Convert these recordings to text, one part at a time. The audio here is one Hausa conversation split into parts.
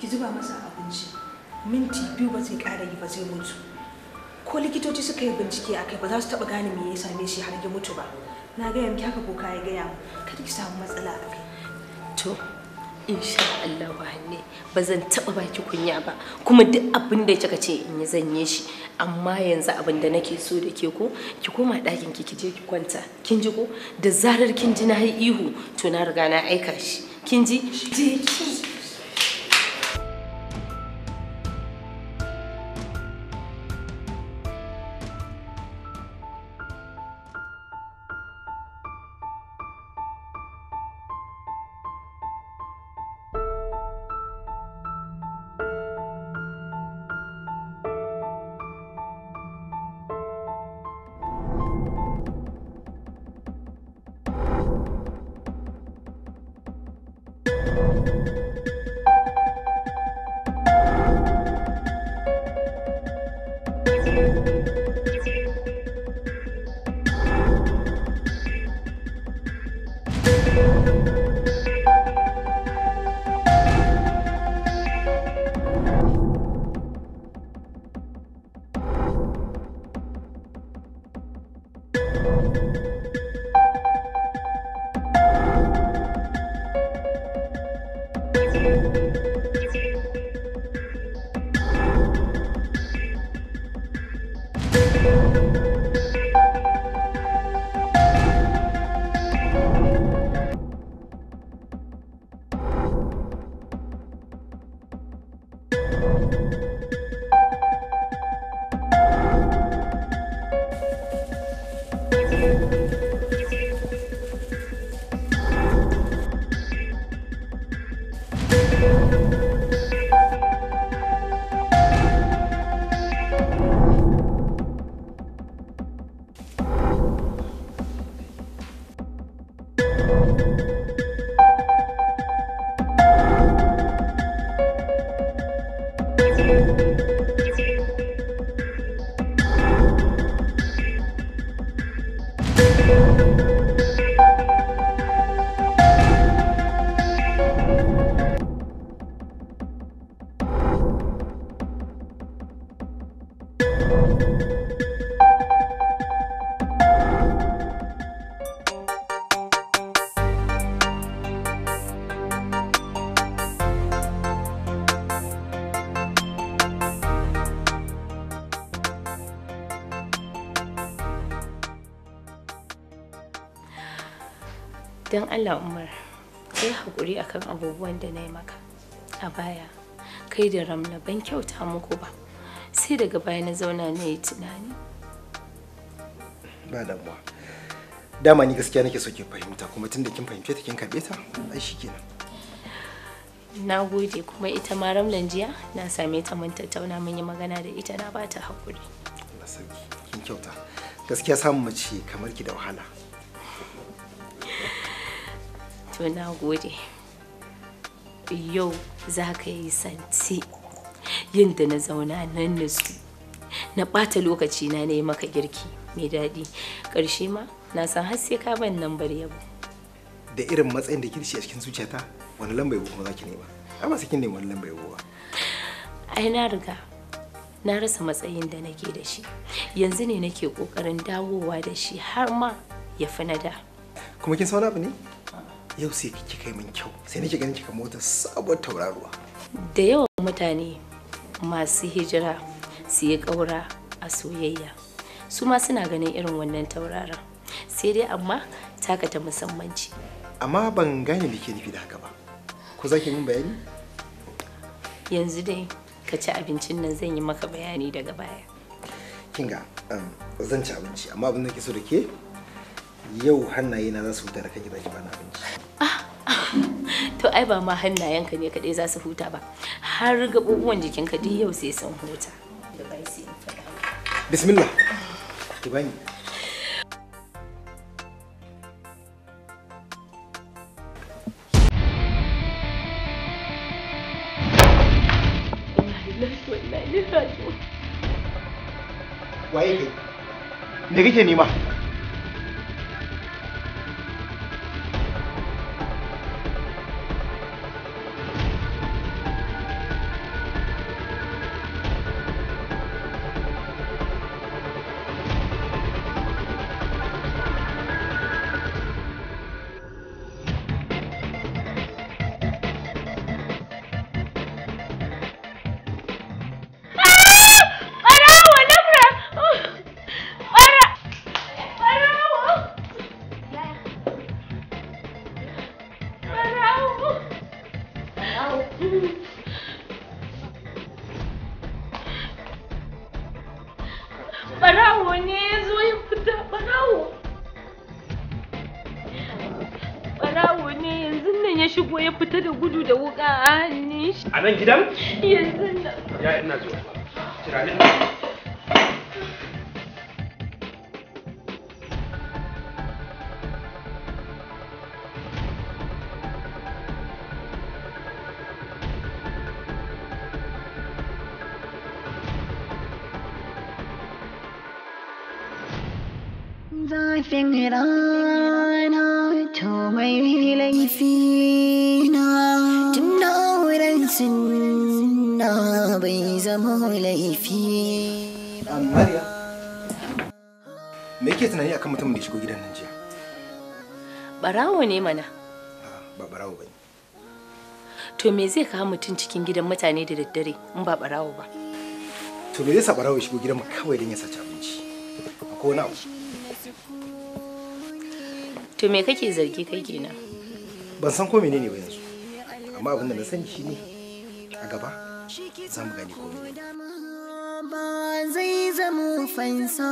ki zuba masa abinci minti biyu ba zai ƙara yi ba zai mutu ko likitoci suka yi bincike a kai ba za su taɓa gane me ya same shi har ya mutu ba na gaya miki haka boka ya gaya mu kada ki samu matsala a kai to insha Allah hanne ba zan taɓa baki kunya ba kuma duk abin da kika ce in yi zanye shi amma yanzu abin da nake so da ke ko ki koma ɗakin ki je ki kwanta kin ji ko da zarar kin ji na ihu to na riga na aika shi kin ji Don Allah Umar, kai haƙuri akan abubuwan da na yi maka a baya. Kai da Ramla ban kyauta muku ba. Sai daga baya na zauna na yi tunani. Ba damuwa. Dama ni gaskiya nake so ki fahimta kuma tunda kin fahimce ta kin karɓe ta, ai shikenan. Na gode kuma ita ma Ramlan jiya na same ta mun tattauna mun yi magana da ita na ba ta haƙuri. kin kyauta. Gaskiya samun mace kamar ki da wahala. to na gode yau za ka yi santi yadda na zauna nan su. na ɓata lokaci na ne maka girki mai daɗi ƙarshe ma na san har sai ka ban bar yabo da irin matsayin da kirshi a cikin zuciyata wani lambar yabo kuma za ki nema ai ba sakin neman lambar yabo ba ai na riga na rasa matsayin da nake da shi yanzu ne nake kokarin dawowa da shi har ma ya fi na da kuma kin sauna abu ne yau sai kike kai min kyau sai nake ganin kika mota sabuwar tauraruwa da yawan mutane masu hijira su yi ƙaura a soyayya su ma suna ganin irin wannan tauraron sai dai amma taka ta musammanci amma ban gane da ke nufi da haka ba ko za ki min bayani yanzu dai ka ci abincin nan zan yi maka bayani daga baya kinga um, zan ci abinci amma abin da ke so da ke yau hannaye na za su wuta da kake zaki bana abinci to ai ba ma hannayenka ne kadai za su huta ba har gaɓuɓuwan jikinka duk yau sai sun huta bismillah ki bani waye kai me kake nema rana to laifi na tun da wurin sunna bai zama laifi ba. Mariya, me ke tunani akan mutumin da ya shigo gidan nan jiya? Barawo ne mana. Ah, ba barawo ba To me zai kawo mutum cikin gidan mutane da daddare in ba barawo ba? To me zai sa barawo ya shigo gidan mu kawai don ya saci abinci? ko wani abu. to me kake zargi kai kenan ban san ko menene ba yanzu amma abin da na sani shine a gaba za mu gani ko ba zai zama fansa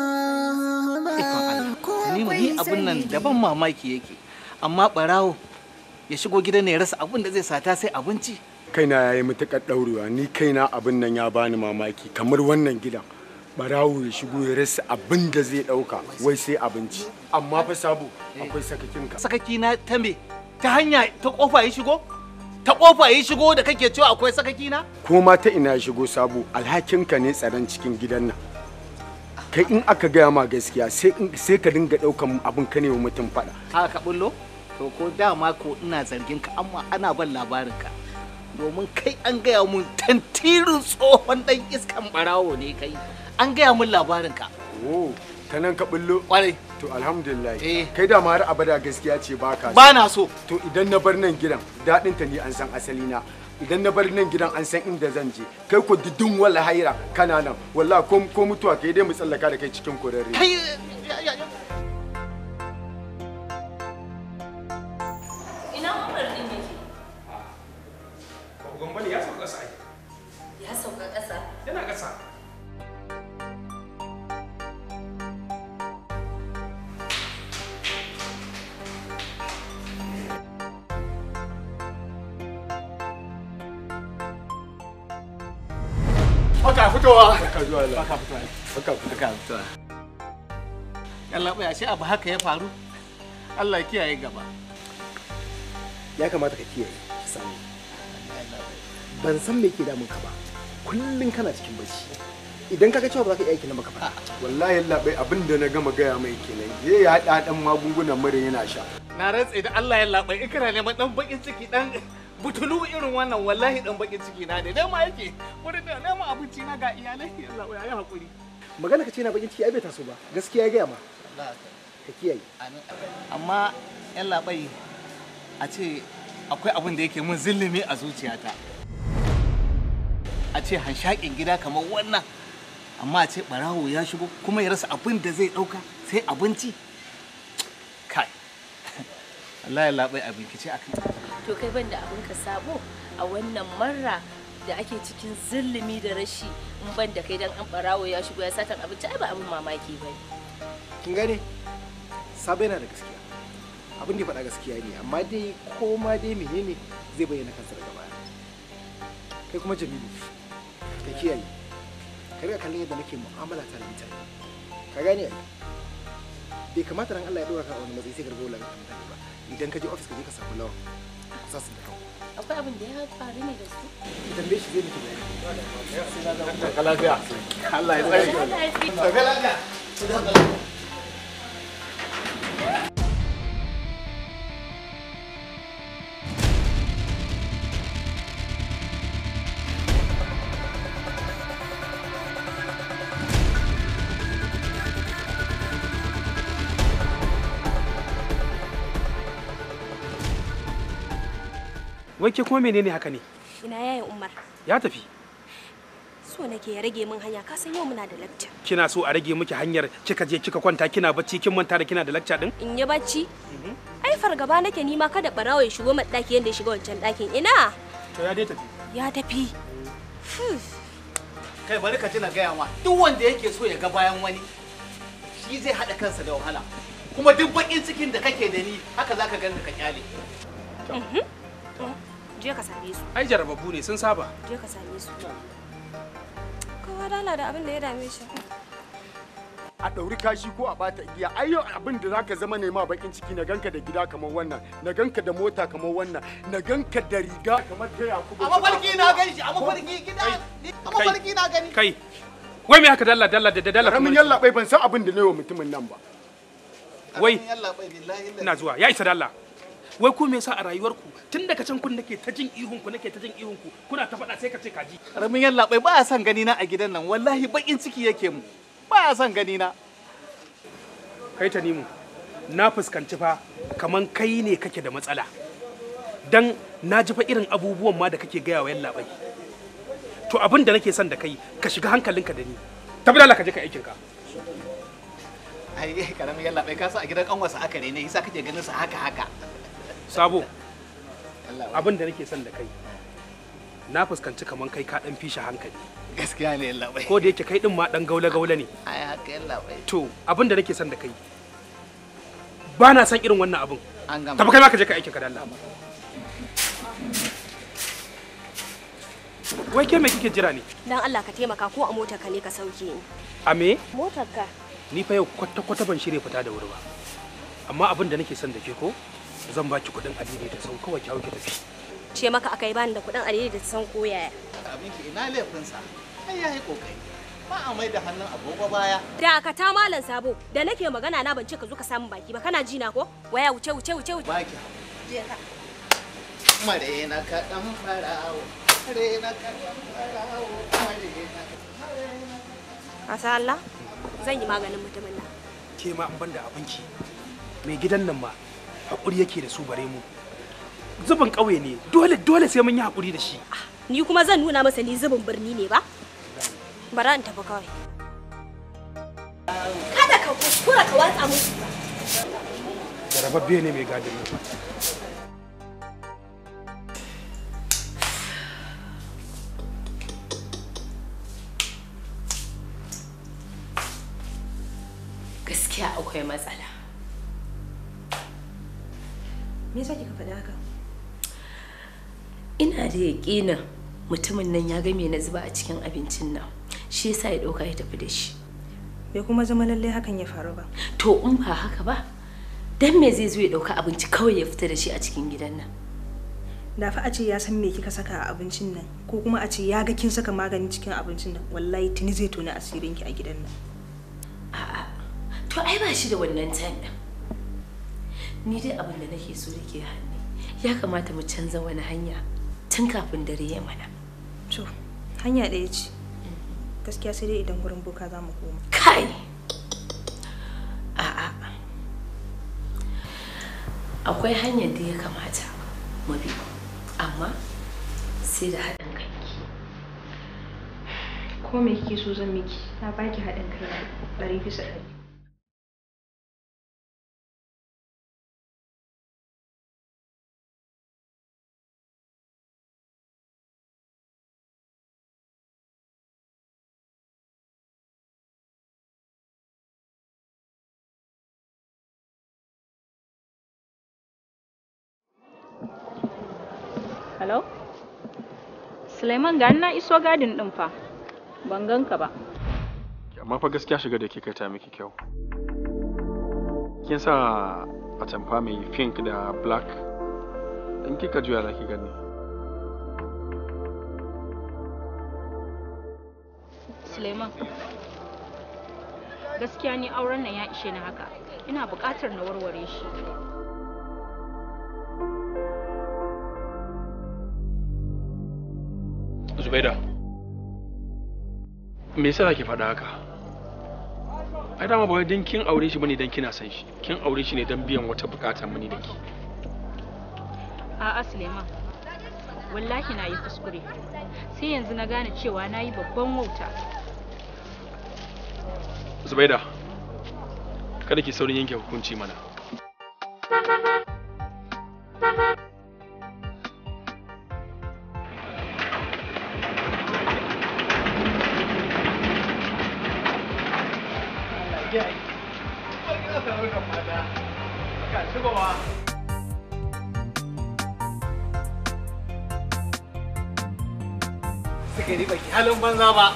ba ni abin nan daban mamaki yake amma barawo ya shigo gidan ne ya rasa abun da zai sata sai abinci kaina yayi mutakar daurewa ni kaina abin nan ya bani mamaki kamar wannan gidan barawo ya shigo ya rasa abinda zai dauka wai sai abinci amma fa sabu akwai sakakin sakaki na ta ta hanya ta kofa ya shigo ta kofa ya shigo da kake cewa akwai sakaki na ma ta ina ya shigo sabu alhakin ne tsaron cikin gidan nan kai in aka gaya ma gaskiya sai ka dinga daukan abin ka ne wa mutum fada a ka bullo to ko dama ko ina zargin ka amma ana ban labarin ka domin kai an gaya mun tantirin tsohon dan iskan barawo ne kai an gaya min labarin ka oh, ta nan ka bullo kwarai to alhamdulillah eh. kai da har abada gaskiya ce baka ba na so to idan na bar nan gidan daɗin ta ne an san asali na idan na bar nan gidan an san inda zan je kai ko didin wala haira kana nan wallahi ko mutuwa kai dai mu tsallaka da kai cikin kurare kai ina umar din ya sauka ƙasa ya sauka ƙasa yana ƙasa baka bai ashe abu haka ya faru Allah ya kiyaye gaba ya kamata ka kiyaye sani ban san me ke damun ka ba kullun kana cikin bacci idan kaga cewa ba ka iya aikin nan baka wallahi Allah bai abin da na gama gaya mai kenan ya ya hada dan magungunan mura yana sha na rantsa idan Allah ya labai ikra ne ma dan bakin ciki dan butulu irin wannan wallahi dan bakin ciki na da ma yake wurin da nema abinci na ga iyalai Allah ya yi hakuri magana ka ce na bakin ciki ai bai taso ba gaskiya ga ma ka kiyaye amma yan labai a ce akwai abin da yake mun zillimi a zuciyata a ce hanshakin gida kamar wannan amma a ce barawo ya shigo kuma ya rasa abin da zai dauka sai abinci kai Allah ya labai abin kice akan to kai ban da abin ka sabo a wannan marra da ake cikin zulumi da rashi in ban da kai dan an barawo ya shigo ya satan abinci ai ba abin mamaki ba kin gane sabo yana da gaskiya abin da faɗa gaskiya ne amma dai ko ma dai menene zai bayyana kansa daga baya kai kuma jamilu ka kiyaye ka riga kallon yadda nake mu'amala ta da mutane ka gane bai kamata ran Allah ya dora ka a wani matsayi sai garbo lafiya mutane ba idan ka je ofis ka je ka samu lawan za su da akwai abin da ya faru ne da su idan bai shi zai ka lafiya Allah ya ka lafiya ka lafiya Wai ke kuma menene haka ne? Ina yayin Umar. Ya tafi. so nake ya rage min hanya ka san yau muna da lakta kina so a rage miki hanyar kika je kika kwanta kina bacci kin manta da kina da lakta din in yi bacci mhm. ai fargaba nake ni ma kada barawo ya shigo mat daki yanda ya shiga wancan dakin ina to ya dai tafi ya tafi hmm. kai bari ka tuna gaya ma duk wanda yake so ya ga bayan wani shi zai hada kansa da wahala kuma duk bakin cikin da kake da ni haka zaka gani ka kyale je ka same su ai jarababu ne sun saba je ka same su kowa dala da abin da ya dame shi a ɗauri kashi ko a bata igiya ai yau abin da zaka zama nema bakin ciki na ganka da gida kamar wannan na ganka da mota kamar wannan na ganka da riga kamar ta yakubu amma farki na gani shi amma farki gida amma farki na gani kai wai me haka dalla dalla da dalla ramin yalla bai ban san abin da ne wa mutumin nan ba wai ina zuwa ya isa dalla wai ku me yasa a ku tun daga can kun nake ta jin ihun ku nake ta jin ihun ku kuna ta faɗa sai ka ce kaji ramin yalla bai ba son gani na a gidan nan wallahi bakin ciki yake mu ba son gani na kai ta nimu na fuskanci fa kaman kai ne kake da matsala dan na ji fa irin abubuwan ma da kake gaya wa yalla bai to abin da nake son da kai ka shiga hankalinka da ni tabbala ka je ka aikin ka ai karamin yalla bai ka sa a gidan sa aka ne ne yasa kake ganin sa haka haka sabo abin da nake son da kai na fuskanci kaman kai ka dan fishi hankali gaskiya ne labai ko da yake kai din ma dan gaula gaula ne ai haka Allah labai to abin da nake son da kai ba na son irin wannan abin an gama tafi kai ma ka je ka aikin ka dalla wai ke me kike jira ne dan Allah ka taimaka ko a motar ka ne ka sauke ni a me motar ka ni fa yau kwata kwata ban shirye fita da wuri ba amma abin da nake son da ke ko zan baki kuɗin adidi da san kawai ki hauke tafi ce maka akai bani da kuɗin adidi da san ko yaya abin ki ina laifinsa ai yayi kokari ba a mai da hannun agogo baya da ka ta malam sabo da nake magana na ban ce ka zo ka samu baki ba kana ji na ko waya wuce wuce wuce wuce baki je ka mare na ka dan farawo mare na ka dan farawo mare na ka Allah zan yi maganin mutumin nan ke ma an banda abinki mai gidan nan ma haƙuri yake da su bare mu zubin ƙauye ne dole dole sai mun yi haƙuri da shi ah, ni kuma zan nuna masa ni zubin birni ne ba bara in tafi kawai kada ka kuskura ka watsa musu jarababbe ne mai gadi gaskiya akwai matsala me yasa kika faɗa haka ina da yaƙina mutumin nan ya ga me na zuba a cikin abincin nan shi yasa ya ɗauka ya tafi da shi bai kuma zama lallai hakan ya faru ba to in ba haka ba dan me zai zo ya ɗauka abinci kawai ya fita da shi a cikin gidan nan da fa a ce ya san me kika saka a abincin nan ko kuma a ce ya ga kin saka magani cikin abincin nan wallahi tuni zai tona ki a gidan nan a'a to ai ba shi da wannan tan din ni dai abin da nake so da ke hannu ya kamata mu canza wani hanya tun kafin dare ya mana to hanya ɗaya ce mm-hmm. gaskiya sai dai idan gurin boka za mu koma kai a'a akwai hanyar da ya kamata mu bi amma sai da haɗin kai ko me kike so zan miki na baki haɗin kai ɗari bisa ɗari Suleiman ga na iso gadin din fa. Ban ganka ba. Amma fa gaskiya shiga da ke kai ta miki kyau. Kin sa a mai pink da black. In kika juya za ki gani. Suleiman. Gaskiya ni auren nan ya ishe ni haka. Ina buƙatar na warware shi. Zubaida, me yasa ki faɗa haka ai dama ba wai kin aure shi bane dan kina san shi kin aure shi ne dan biyan wata bukata muni dake. a'a Suleiman wallahi na yi kuskure sai yanzu na gane cewa na yi babban wauta Zubaida kada ki saurin yanke hukunci mana halin banza ba.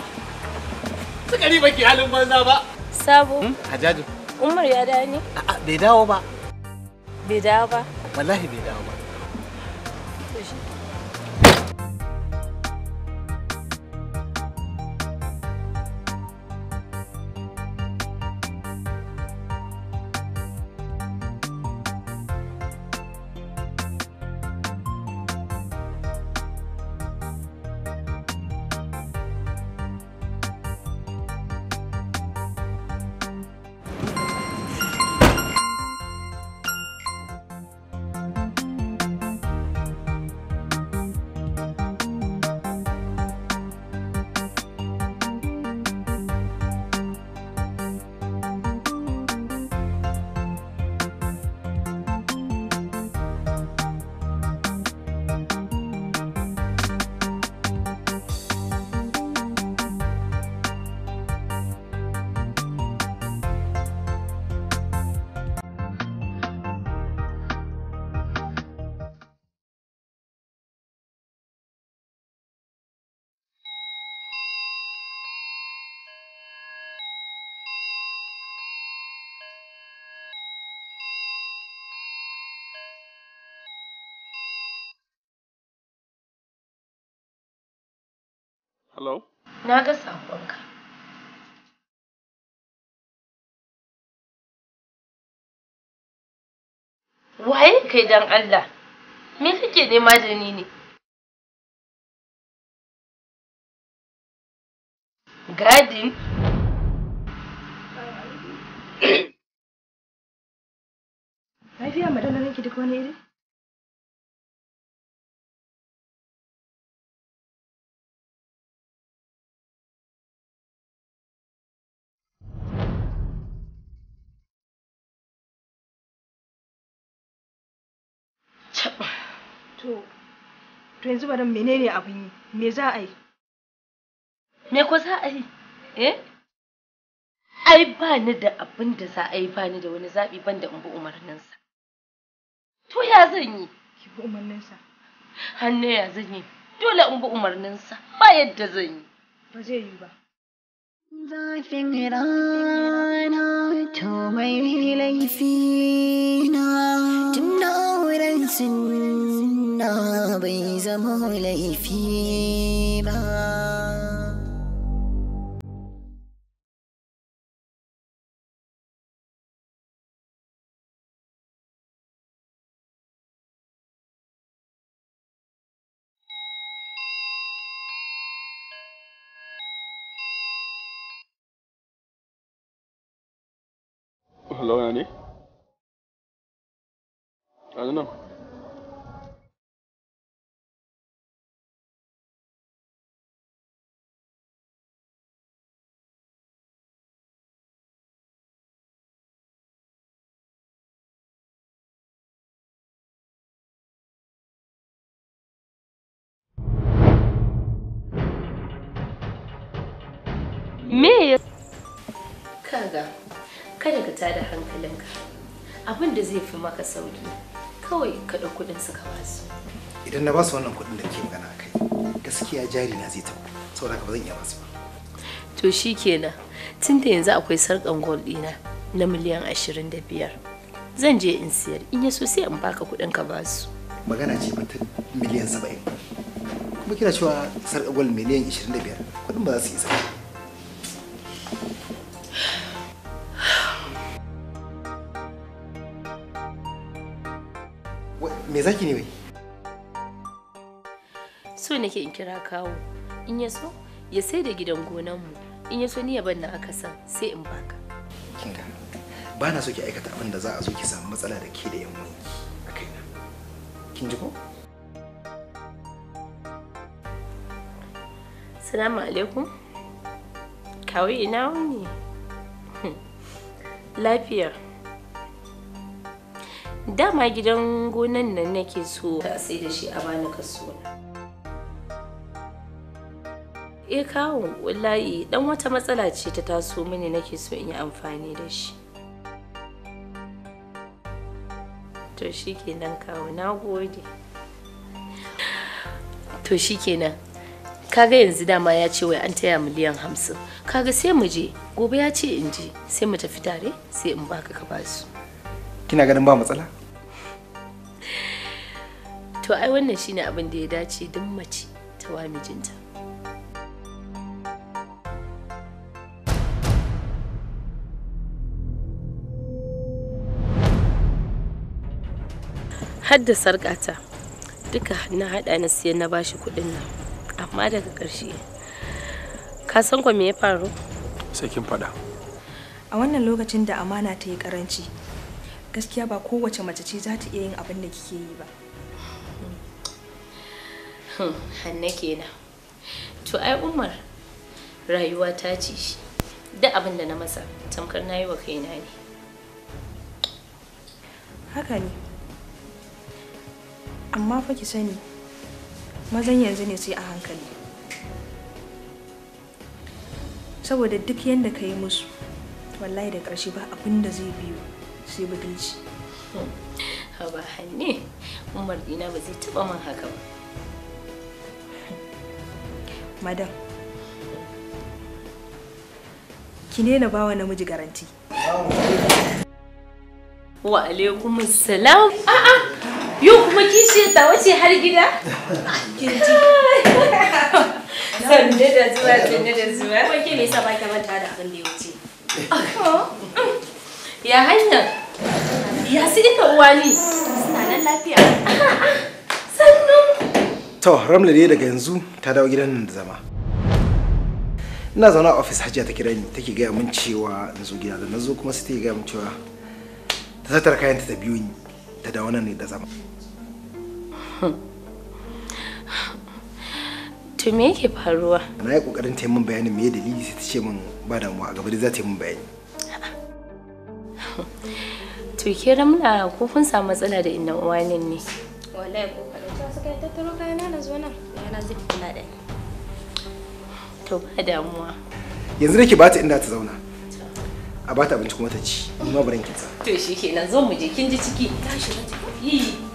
Sukari baki halin banza ba. Sabo. Hmm? Hajaju. Umar ya dawo ne? A'a bai dawo ba. Bai dawo ba. Wallahi bai dawo. Hello? Na ga saƙonka. Waye kai dan Allah? Me kake nema da ni ne? Gadin? Lafiya madalarinki duk wani iri? to to yanzu bari menene abun yi me za a yi me ko za a yi eh ai ba ni da abin da za a yi ba ni da wani zaɓi ban da in bi umarninsa to ya zan yi ki bi sa hannu ya zan yi dole in bi umarninsa ba yadda zan yi ba zai yi ba Zafin rana to mai laifi na tun da sun bai zama laifi ba tada hankalinka abin da zai fi maka sauki kawai ka ɗau kuɗin su ka basu idan na basu wannan kuɗin da ke magana kai gaskiya jari na zai tabo saboda ka ba zan iya basu ba to shikenan tunda yanzu akwai sarkan gold ɗina na miliyan ashirin da biyar zan je in siyar in ya sai in baka kuɗin ka basu magana ce ta miliyan saba'in kuma kina cewa sarkan gold miliyan ashirin da biyar kuɗin ba za su yi sai me zaki ne wai so nake in kira kawo in ya so ya sai da gidan mu in ya so ni ya banna na aka san sai in baka kinga ba na so ki aikata abin da za a zo ki samu matsala da ke da yan wanki a kaina kin ji ko Assalamu alaikum. Kawai ina wani Lafiya. dama gidan gonan nan nake so a sai da shi a bani kaso e eh, kawo wallahi dan wata matsala ce ta taso mini nake so in yi amfani da shi to shikenan kawo na gode to shikenan kaga yanzu dama ya ce wai an taya miliyan hamsin kaga sai mu je gobe ya ce in je sai mu tafi tare sai in baka ka basu kina ganin ba matsala to ai wannan shine abin da ya dace duk mace ta wa mijinta hadda sarƙata duka na haɗa na siyan na bashi kuɗin nan amma daga ƙarshe ka san kwa me ya faru sai kin faɗa a wannan lokacin da amana ta yi ƙaranci gaskiya ba kowace mace ce za ta iya yin abin da kike yi ba Hmm, hanna kenan to ai umar rayuwa ta ce shi duk abin da na masa tamkar na yi wa kaina ne haka ne amma fa ki sani mazan yanzu ne sai a hankali saboda duk yadda ka yi musu wallahi da ƙarshe ba abin da zai biyo sai budulci hmm, haba hanne umar dina ba zai taɓa man haka ba madam ki na bawa namiji garanti wa alaikum salam a'a yo kuma kishi ta wace har gida sanne da zuwa sanne da zuwa ko ke me sa ba manta da abin da ya wuce ya hanya ya sai ka uwani suna nan lafiya sannu to ramla dai daga yanzu ta dawo gidan nan da zama ina zaune a ofis hajiya ta kira ni take gaya min cewa in zo gida da na zo kuma sai take gaya min cewa ta tattara kayanta ta biyo ni ta dawo nan ne da zama to me yake faruwa na yi kokarin ta yi min bayanin me dalili sai ta ce min ba damuwa a gaba dai za ta yi min bayani to ke ramla ko kun samu matsala da inna uwanin ne wallahi kokarin da suka yi tattaro kayana na zo nan yana zai kula da ni to ba damuwa yanzu nake ba ta inda ta zauna a ba ta abinci kuma ta ci ni ma barin kitsa to shikenan zo mu je kin ji ciki tashi na ciki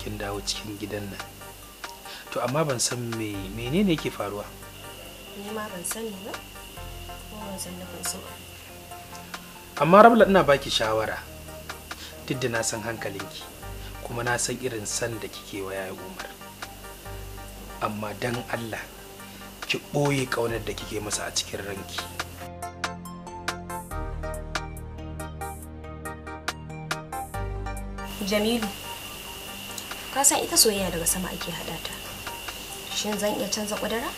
kin dawo cikin gidan nan to amma ban san me menene yake faruwa ni ma ban ba ko ban san da amma rabla ina baki shawara duk da na san hankalinki kuma na san irin san da kike wa yayi umar amma dan Allah ki ɓoye ƙaunar da kike masa a cikin ranki Jamilu ka san ita soyayya daga sama ake haɗa ta shin zan iya canza ƙudura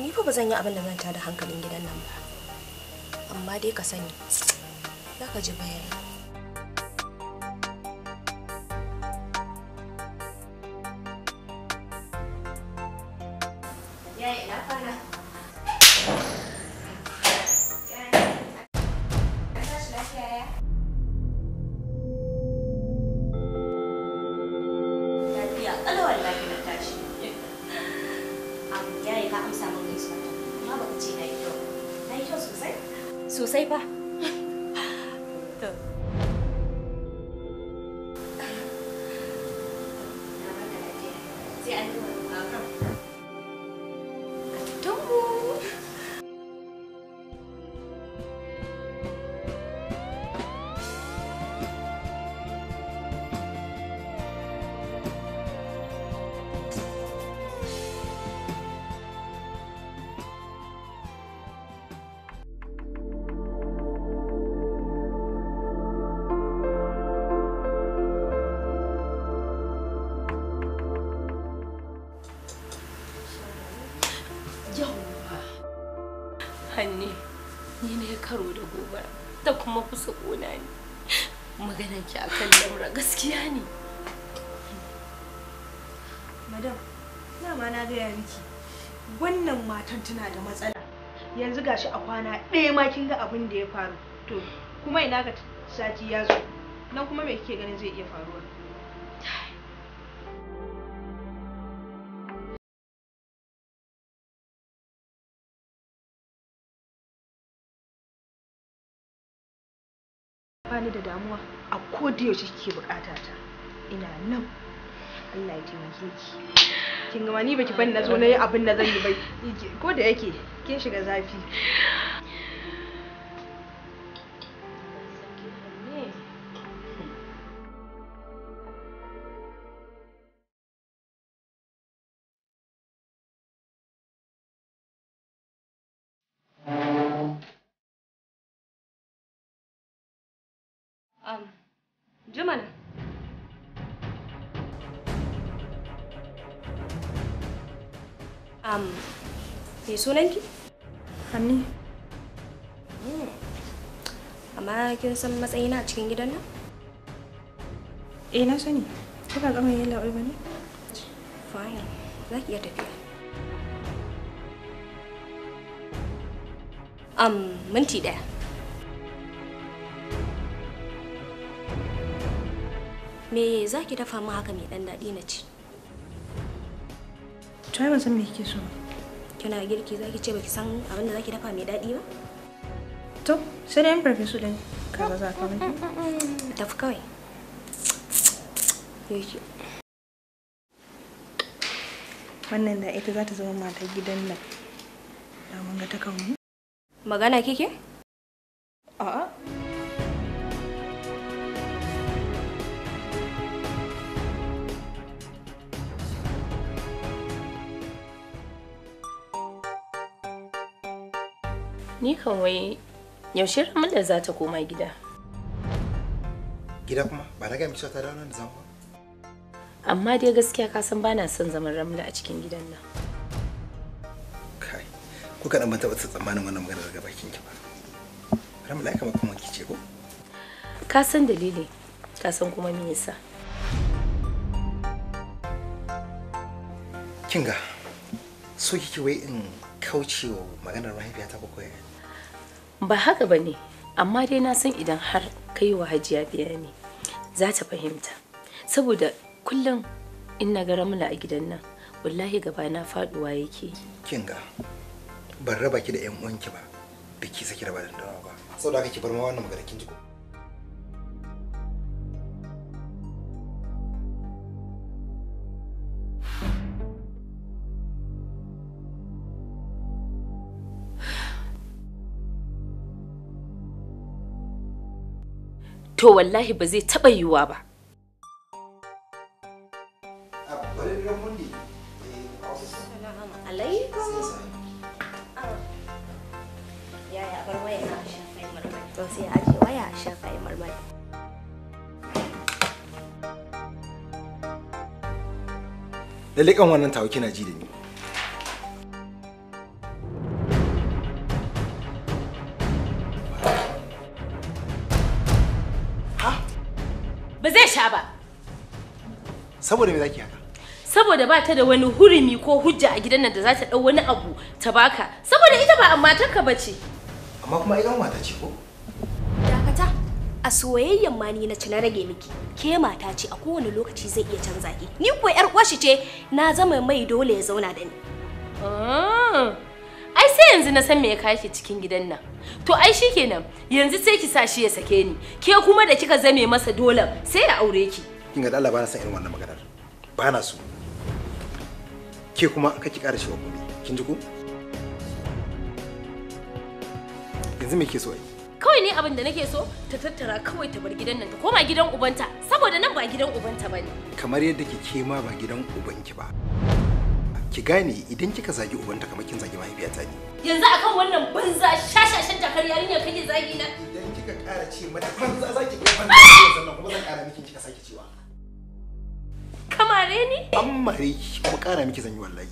ni fa ba zan yi abin da zan da hankalin gidan nan ba amma dai ka sani za ka ji bayani Edward. kuma kusa ƙona ne maganar ki akan lamura gaskiya ne madam dama na gaya miki wannan matan tana da matsala yanzu gashi a kwana ɗaya ma kin ga abin da ya faru to kuma ina ga sati ya zo nan kuma me kike ganin zai iya faruwa damuwa a ko da yaushe kike bukata ta ina nan Allah ya taimake ki kin ga ni baki ban na zo na abin da zan yi ba ko da yake kin shiga zafi ke sunanki? Hanni. Hmm. Amma kin san matsayina a cikin gidan nan? Eh na sani. Kika ga mai yalla ba ne? Fine. Za ki iya tafiya. Am minti ɗaya. Me za ki dafa mu haka mai ɗan daɗi na ci? Tuwai ban san me kike so ba. kina girki zaki ce baki san abin da zaki dafa mai daɗi ba to sai dai su din kaza za ka miki tafi kawai yake wannan da ita za ta zama matar gidan nan da mun ga ta kanmu magana kike Ni kan wai yaushe Ramila za ta koma gida? Gida kuma ba na gami ta dawo nan zan Amma dai gaskiya ka san bana son zaman Ramila a cikin gidan nan. Kai, ku kaɗan ban taɓa tsammanin wannan magana daga bakin ki ba. Ramila ya kama kuma kice ko? Ka san dalili, ka san kuma me yasa. Kinga, so kike wai in kaucewa maganar mahaifiyata ba koyar ba haka ba ne amma dai na san idan har ka yi wa hajiya bayani za ta fahimta saboda kullum in na ga ramla a gidan nan wallahi gaba na faduwa yake kinga ban raba ki da yan uwanki ba biki saki raba da ba saboda haka ki bar ma wannan magana kin ji ko to wallahi ba zai taɓa yiwuwa ba. Ah, eh, ah, Lallai kan wannan tawo kina ji da ni. saboda me zaki haka saboda ba ta da wani hurumi ko hujja a gidan nan da za ta dau wani abu ta baka saboda ita ba ka bace amma kuma ai mata ce ko dakata a soyayyen mani na ci na rage miki ke mata ce a kowane lokaci zai iya canza ki ni ko yar uwashi ce na zama mai dole ya zauna da ni ah. ai sai yanzu na san me ya kake cikin gidan nan to ai shikenan yanzu sai ki sa shi ya sake ni ke kuma da kika zame masa dole sai ya aure ki kin ga dalla ba na san irin wannan maganar ba na so ke kuma ki ƙara cewa gobe kin ji ko yanzu me ke so ai kawai ne abin da nake so ta tattara kawai ta bar gidan nan ta koma gidan ubanta saboda nan ba gidan ubanta bane kamar yadda kike ma ba gidan ubanki ba ki gane idan kika zagi ubanta kamar kin zagi mahaifiyata ne. Yanzu akan wannan banza shashashan jakar yarinya kake zagi na. Idan kika ƙara ce mata banza zaki ga banza sannan kuma zan ƙara miki kika sake cewa. mare ni? An mare ki kuma ƙara miki yi wallahi.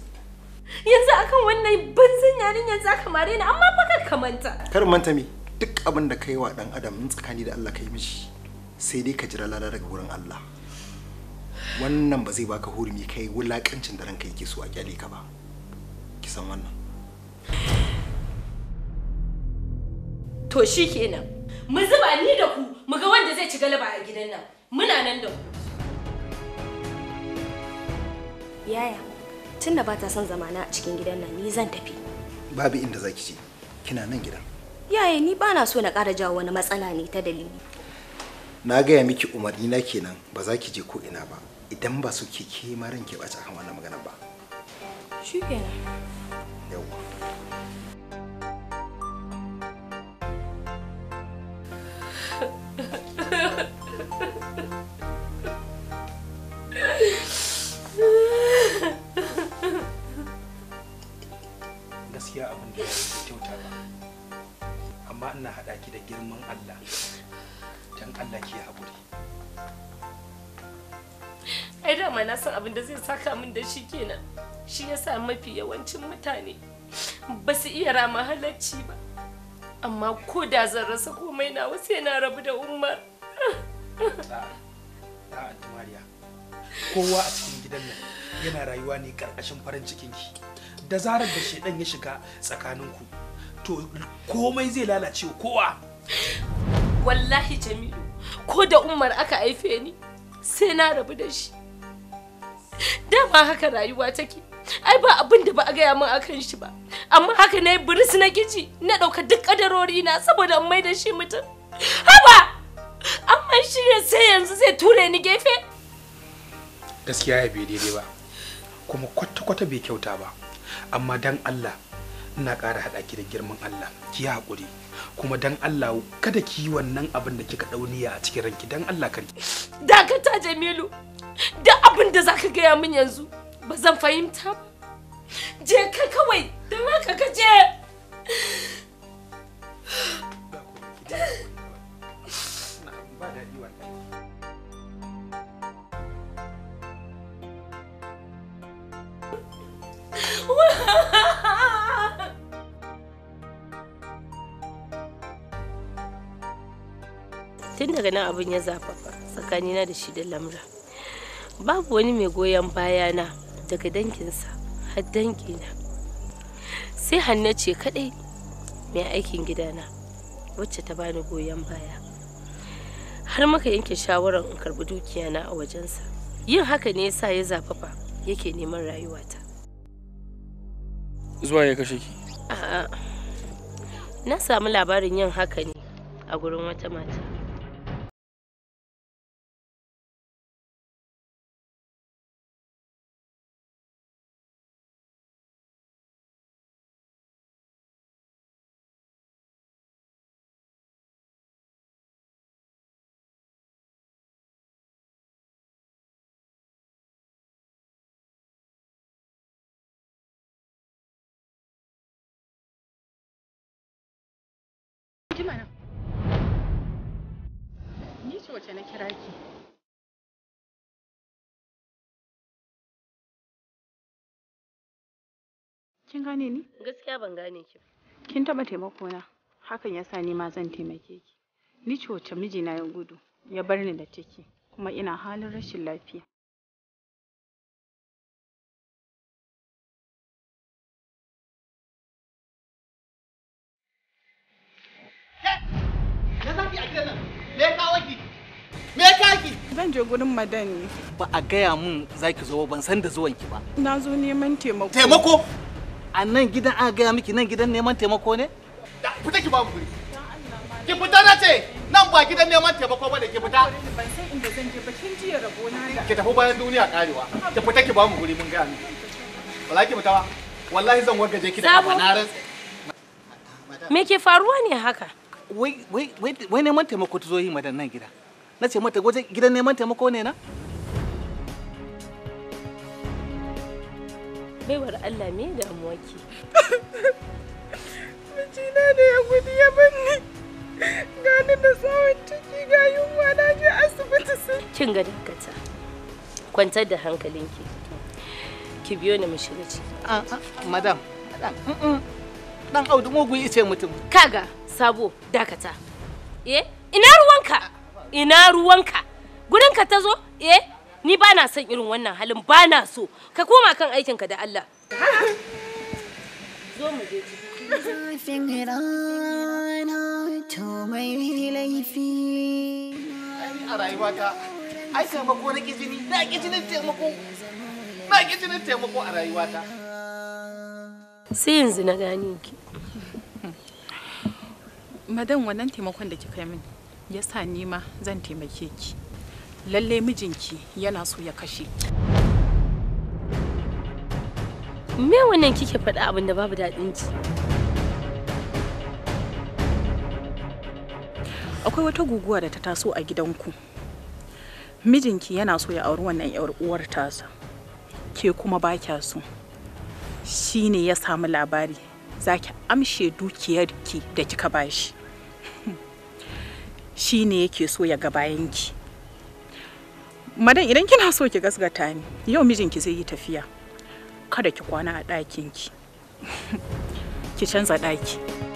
Yanzu akan wannan banzan yarin yanzu aka mare ni amma fa kar ka manta. Kar manta me duk abin da kai wa dan adam in tsakani da Allah kai mishi sai dai ka jira lada daga wurin Allah. Wannan ba zai baka hurumi kai wulakancin da ranka yake so a kyale ka ba. Ki san wannan. To shi kenan. Mu zuba ni da ku mu ga wanda zai ci galaba a gidan nan. Muna nan da ku. Yaya, tunda ba ta son zamana a cikin gidan nan ni zan tafi. Babu inda za ki ce, kina nan gidan. Yaya ni ba na so na ƙara jawo wani matsala ne ta dalili. Na gaya miki umarni na kenan ba za ki je ko ina ba idan ba su ke ke maran ke akan wannan magana ba. Shi kenan. Ha ha ha. gaskiya abin da ya kyauta ba amma ina haɗa ki da girman Allah don Allah ki haƙuri ai dama na san abin da zai saka min da shi kenan shi yasa mafi yawancin mutane ba su iya rama halarci ba amma ko da zan rasa komai na wasu yana rabu da umar kowa a cikin gidan nan yana rayuwa ne ƙarƙashin farin cikin ki da zarar da shedan ya shiga tsakaninku to komai zai lalace kowa wallahi jamilu ko da umar aka haife ni sai na rabu da shi Da ba haka rayuwa take ai ba abin da ba a gaya min akan shi ba amma haka na yi biris na giji na ɗauka duk kadarori na saboda in mai da shi mutum haba amma shi ne sai yanzu zai ture ni gefe gaskiya ya bai daidai ba kuma kwata-kwata bai kyauta ba amma dan Allah ina ƙara haɗa ki da girman Allah ki yi haƙuri kuma dan Allah kada ki yi wannan abin da kika ɗauniya a cikin ranki dan Allah kar dakata Jamilu da abin da zaka gaya min yanzu ba zan fahimta ba je ka kawai don haka ka je daga nan abin ya zafafa tsakanina da shi da lamra babu wani mai goyon baya na daga danginsa har dangina sai hanna ce kadai mai aikin gidana wacce ta bani goyon baya har muka yanke shawarar in karbi dukiya na a wajensa yin haka ne yasa ya zafafa yake neman rayuwata zuwa ya kashe ki a'a na samu labarin yin haka ne a gurin wata mata Kin gane ni? Gaskiya ban gane ki. Kin taɓa taimako na. Hakan yasa ni ma zan taimake ki. Ni cewa mijina ya gudu, ya bar ni da ciki, kuma ina halin rashin lafiya. Zan je gurin madani. Ba a gaya mun zaki zo ban san da zuwanki ba. Na zo neman taimako. Taimako? a nan gidan aka gaya miki nan gidan neman taimako ne? Fita ki babu guri. Ki fita na ce nan ba gidan neman taimako ba da ki fita. Ban san inda zan je ba kin jiya rabo na da. Ki tafi bayan duniya karewa. Ki fita ki bamu guri mun gaya miki. Wallahi ki fita ba. Wallahi zan wargaje ki da kafa na Me ke faruwa ne haka? Wai wai wai neman taimako ta zo yi madan nan gida. Na ce mata wajen gidan neman taimako ne na? baiwar Allah me damuwa ke mijina ne ya gudu ya banni gani da tsawon ciki ga yunwa na je asibiti sun kin ga dakata kwantar da hankalinki ki biyo ni mu shiga ciki madam madam dan audu mugu ce mutum kaga sabo dakata eh ina ruwanka ina ruwanka gurinka ta zo eh ni ba na son irin wannan halin ba na so ka koma kan aikinka da Allah zo mu je a rayuwata ai taimako na kijini na kijinin taimako na kijinin taimako a rayuwata sai yanzu na gane ki madan wannan taimakon da kika yi min yasa ni ma zan taimake ki lalle mijinki yana so ya kashe me wannan kike faɗa abin da babu daɗin ki akwai wata guguwa da ta taso a gidanku mijinki yana so ya auri wannan yar uwar tasa ke kuma ba kya so shine ya samu labari zaki amshe dukiyarki da kika bashi shine yake so ya ga bayanki madan idan kina so ki gasgata ni yau mijinki zai yi tafiya kada ki kwana a ɗakinki ki canza ɗaki.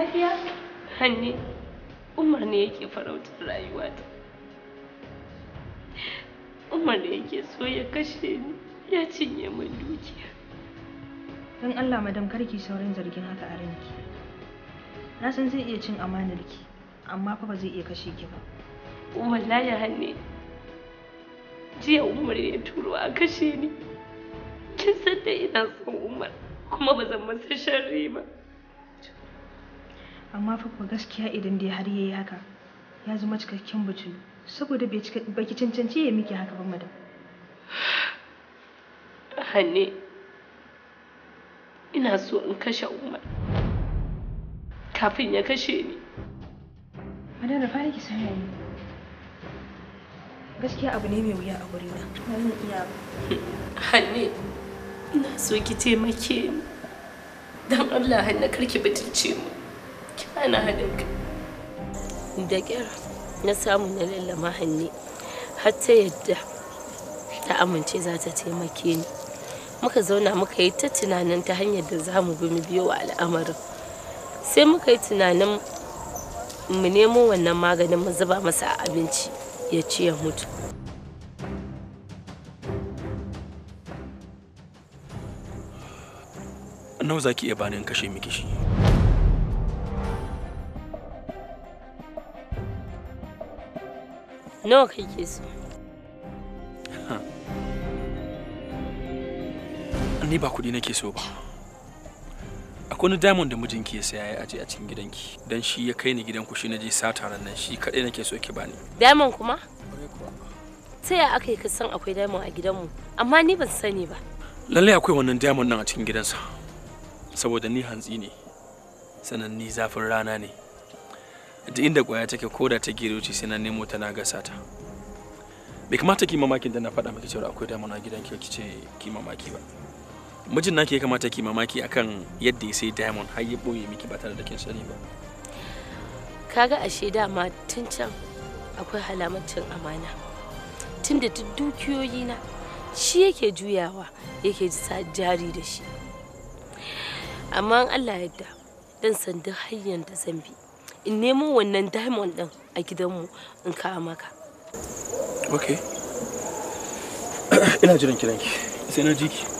Lafiya? Hanne, Umar ne yake farautar rayuwata. Umar ne yake so ya kashe ni, ya cinye min dukiya. Don Allah madam karki saurin zargin haka a ranki. Na san zai iya cin amanarki, amma fa ba zai iya kashe ki ba. Wallahi Hanni, jiya Umar ya turo a kashe ni. Kin san da ina son Umar, kuma ba zan masa sharri ba. amma fa kuwa gaskiya idan dai har yayi haka ya zama cikakken bucin saboda bai cika baki cancanci ya miki haka ba madam hanne ina so in kashe umar kafin ya kashe ni madam fara ki sani gaskiya abu ne mai wuya a guri na wannan iya hanne ina so ki taimake ni dan Allah hanne karki bitince mu ana haɗin da ƙyar na samu na lallama hannu har ta yadda ta amince za ta taimake ni muka zauna muka yi ta tunanin ta hanyar da za mu bi biyo wa al'amarin sai muka yi tunanin mu nemo wannan maganin mu zuba masa a abinci ya ci ya mutu nawa za ki iya bani in kashe miki shi nawa kake so ni ba kuɗi nake so ba akwai wani diamond da mijinki ya saya ya aje a cikin gidanki dan shi ya kai ni gidanku shi na je sata ran nan shi kaɗai nake so ki bani diamond kuma ta ya aka yi ka san akwai diamond a gidanmu amma ni ban sani ba lallai akwai wannan diamond nan a cikin gidansa saboda ni hantsi ne sannan ni zafin rana ne duk inda kwaya take ko da ta gero ce sai na nemo ta na gasa ta bai kamata ki mamaki da na faɗa miki cewa akwai na gidan ki ce ki mamaki ba mijin naki ya kamata ki mamaki akan yadda ya sai diamond har ya boye miki ba tare da kin sani ba kaga ashe dama tun can akwai halamatin amana tun duk dukiyoyi na shi yake juyawa yake sa jari da shi amma Allah yadda dan san hanyar da zan bi in nemo wannan diamond din a gidanmu in kawo maka ok ina jiran kiranki sai na jiki ki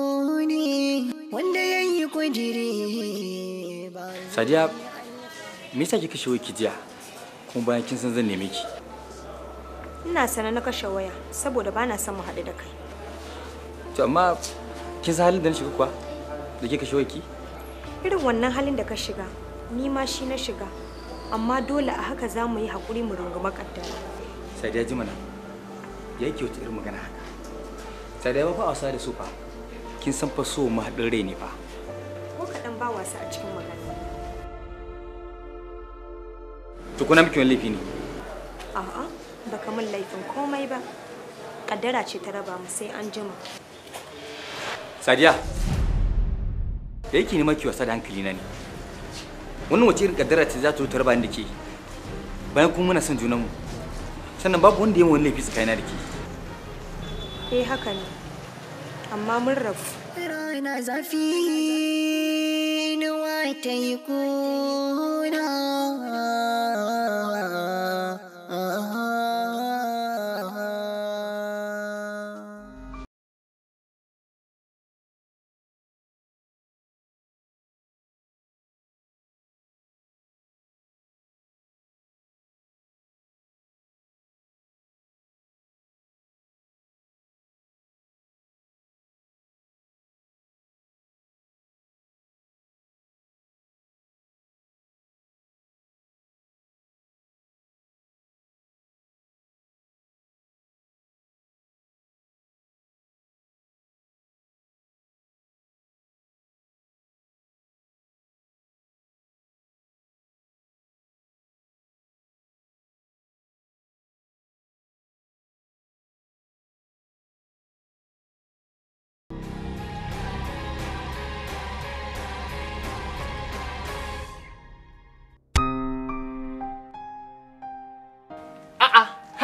ne wanda ya yi kudiri sadiya me yasa kika shigo ki jiya kuma bayan kin san zan neme ki ina sana na kashe waya saboda bana son mu haɗu da kai to amma kin san halin da na shiga kuwa da kika shigo ki irin wannan halin da ka shiga ni ma shi na shiga amma dole a haka za mu yi haƙuri mu rungumi makaddara. sadiya ji mana ya kyauta irin magana haka sadiya ba fa a wasa da su fa kin san fa so mahaɗin rai ne fa ko kaɗan ba wasa a cikin magana tukuna miki wani laifi ne a'a ba min laifin komai ba kaddara ce ta raba mu sai an jima sadiya da yake ne maki wasa da hankali na ne wannan wace irin kaddara ce za ta ta raba ni da ke bayan kuma muna son junanmu sannan babu wanda ya wani laifi tsakanina da ke eh haka ne amma mun rabu rana zafi nawa ta yi kuna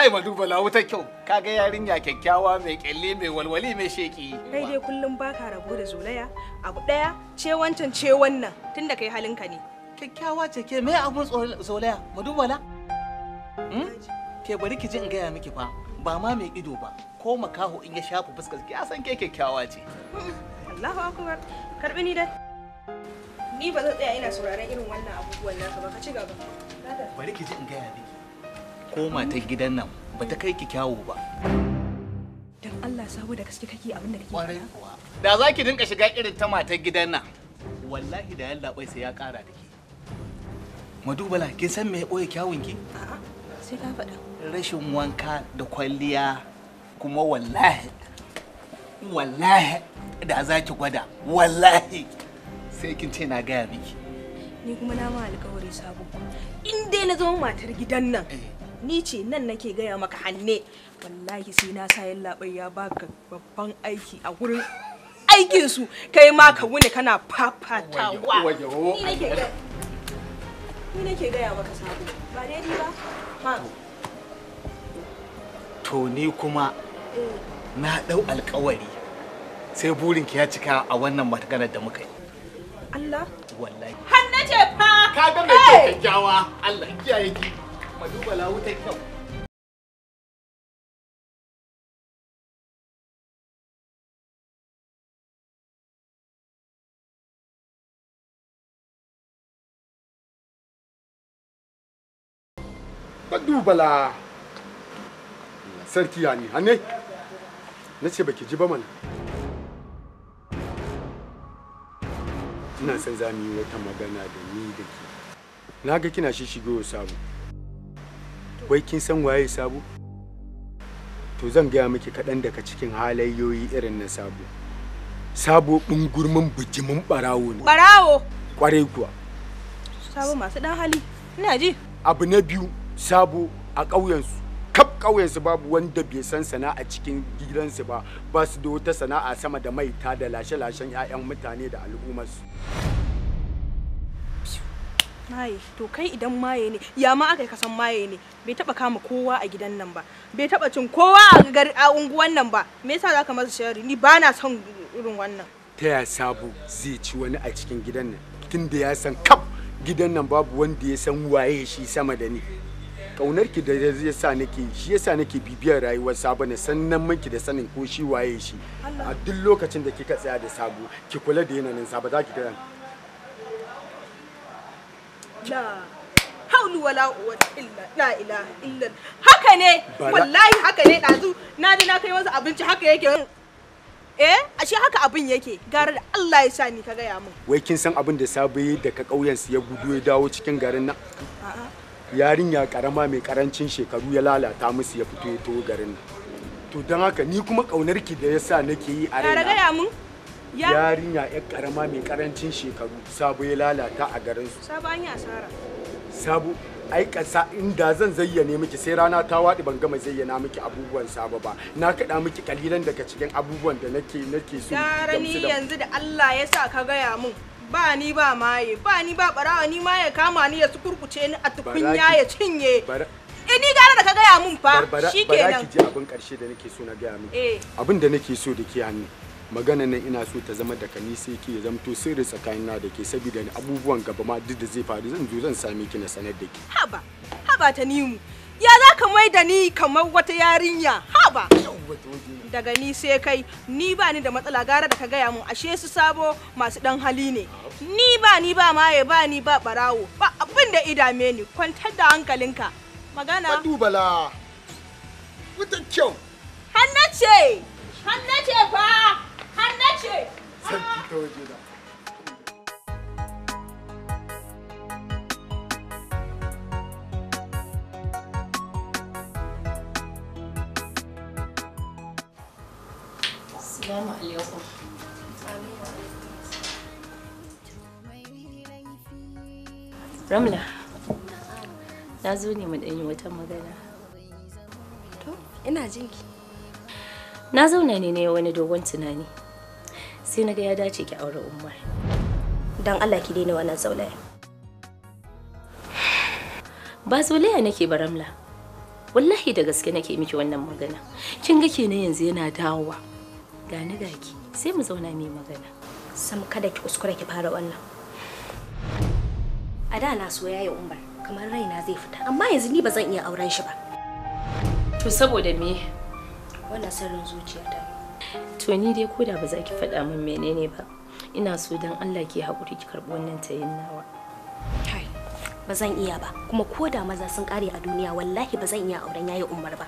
kai ma duba lawu ta kyau kaga yarinya kyakkyawa mai kyalle mai walwali mai sheki kai dai kullum baka rabo da zulaya abu daya ce wancan ce wannan tunda kai halinka ne kyakkyawa ce ke me abun zolaya ma duba la hmm? ke bari ki ji in gaya miki fa ba ma mai ido ba ko makaho in ya shafa fuskar ki san ke kyakkyawa ce Allahu akbar karbi ni dai ni ba zan tsaya ina sauraron irin wannan abubuwan naka ba ka ci gaba bari ki ji in gaya miki koma ta gidan nan ba ta kai ki kyawu ba dan Allah sabo da gaske kake abin da kake kwarai da za ki dinka shiga irin ta matar gidan nan wallahi da yalla bai sai ya kara da ke madubala kin san me ya boye kyawun ki a'a sai ka faɗa rashin wanka da kwalliya kuma wallahi wallahi da za ki gwada wallahi sai kin ce na gaya miki ni kuma na ma alƙawari sabo in dai na zama matar gidan nan eh. ni ce nan nake gaya maka hanne wallahi sai na sa labai ya baka babban aiki a wurin aikinsu kai ma ka wuni kana fafatawa ni nake gaya maka sabo ba daidai ba ma to ni kuma na dau alkawari sai burinki ya cika a wannan matakanar da muka yi Allah wallahi hannace fa ka ga mai kyakkyawa Allah kiyaye ki ka duba lawutan kyau ba la. sarki ya ne na ce baki ji ba mana ina san za mu yi wata magana da ni da ke na ga kina shi shigo sabu wai kin san waye sabu to zan gaya miki kaɗan daga cikin halayyoyi irin na sabu sabo ɓungurmin bijimin ɓarawo ne ɓarawo ƙwarai kuwa sabo masu ɗan hali ina ji abu na biyu sabo a ƙauyensu kaf ƙauyensu babu wanda bai san sana'a cikin gidansu ba ba su da wata sana'a sama da mai ta da lashe-lashen 'ya'yan mutane da al'ummarsu maye to kai idan maye ne ya ma aka kasan maye ne bai taba kama kowa a gidan nan ba bai taba cin kowa a gari a unguwan nan ba me yasa zaka masa shari ni ba na son irin wannan ta ya sabu zai ci wani a cikin gidan nan tunda ya san kaf gidan nan babu wanda ya san waye shi sama da ni kaunar ki da zai sa nake shi yasa nake bibiyar rayuwar sabu ne sannan miki da sanin ko shi waye shi a duk lokacin da kika tsaya da sabu ki kula da yanayin sabu za ki ga la haulu wala illa la ilaha illa haka ne wallahi haka ne dazu na na kai masa abinci haka yake eh ashe haka abin yake gara da Allah ya sa ni ka gaya min wai kin san abin da yi daga ƙauyen su ya gudu ya dawo cikin garin nan yarinya karama mai karancin shekaru ya lalata musu ya fito ya to garin nan to don haka ni kuma kaunar ki da yasa nake yi a raina gaya min yarinya ɗan karama mai karancin shekaru sabo ya lalata a garin su sabo an yi asara sabo ai kasa inda zan zayyane miki sai rana ta waɗi ban gama zayyana miki abubuwan sabo ba na kaɗa miki kalilan daga cikin abubuwan da nake nake so gara ni yanzu da Allah ya sa ka gaya mun ba ni ba maye ba ni ba barawa ni ma ya kama ni ya sukurkuce ni a tukunya ya cinye eh, ni gara da ka gaya mun fa shikenan bara ki ji abin karshe da nake so na gaya miki eh. abin da nake so da ke hannu magana nan ina so ta zama da kani sai ke zamto sirri na da ke saboda ni abubuwan gaba ma duk da zai faru zan zo zan sami ki na sanar da ki haba haba ta nimu ya za ka mai da ni kamar wata yarinya haba daga ni sai kai ni ba ni da matsala gara da ka gaya mu ashe su sabo masu dan hali ne ni ba ni ba maye ba ni ba barawo ba abin da idame ni kwantar da hankalinka magana dubala wuta kyau hannace hannace fa har na ce sarki ta waje Ramla, na zo ne mu ɗanyi wata magana. To, ina jinki. Na zauna ne na wani dogon tunani. sai na ga ya dace ki aure umma don allah ki daina wannan zaulaya ba zaulaya nake baramla wallahi da gaske nake miki wannan magana kin ga kenan yanzu yana dawowa ga ni ga ki sai mu zauna mu magana sam kada ki kuskura ki fara wannan a da na so ya umar kamar raina zai fita amma yanzu ni ba zan iya auren shi ba to saboda me wannan sirrin zuciyata so ni dai koda ba za ki faɗa min menene ba ina so dan Allah ke haƙuri ki karɓi wannan tayin nawa ba zan iya ba kuma koda maza sun kare a duniya wallahi ba zan iya auren yayi umar ba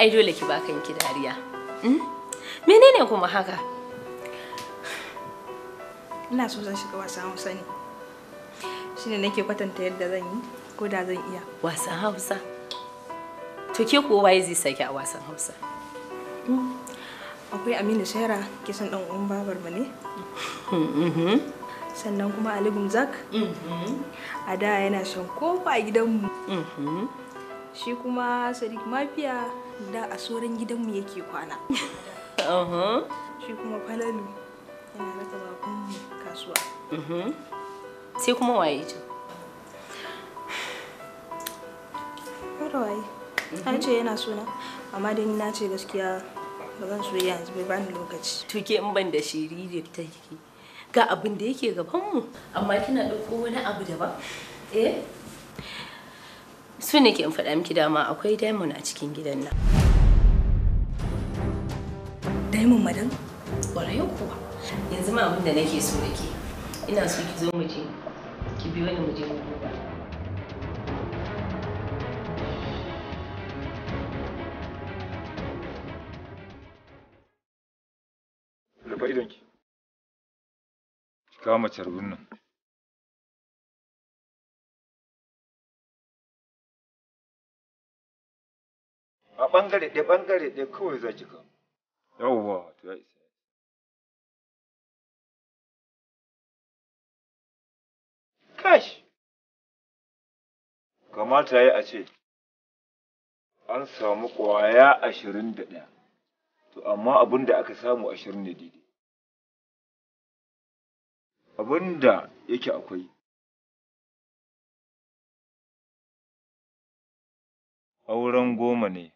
ai dole ki ba ki dariya hmm? menene kuma haka ina so zan shiga wasan hausa ne shine nake kwatanta yadda zan yi ko da zan iya wasan hausa to ke ko waye zai saki a wasan hausa hmm. akwai aminu shahara kisan dan uwan babar mu ne mm-hmm. sannan kuma ali gumzak mm-hmm. a da yana shan kofa a gidanmu mm-hmm. shi kuma sadiq mafiya da a soran gidanmu yake kwana shi kuma falalu yana raka bakon kasuwa sai kuma waye ce waye an ce yana suna amma dai ni na ce gaskiya ba zan so yanzu bai bani lokaci tuke in ban da shiri da ta ga abin da yake gabanmu amma kina ɗauko wani abu daban eh su ne ke in faɗa miki dama akwai diamond a cikin gidan nan diamond madam ƙwarai kuwa yanzu ma abin da nake so da ke ina so ki zo mu je ki bi wani mu je mu duba Rufa idonki. Ki kawo nan. a ɓangare ɗaya ɓangare ɗaya kawai za ki kan yawwa to ya isa kash kamata ya yi a ce an samu ƙwaya ashirin da ɗaya to amma abin da aka samu ashirin ne daidai abin da yake akwai auren goma ne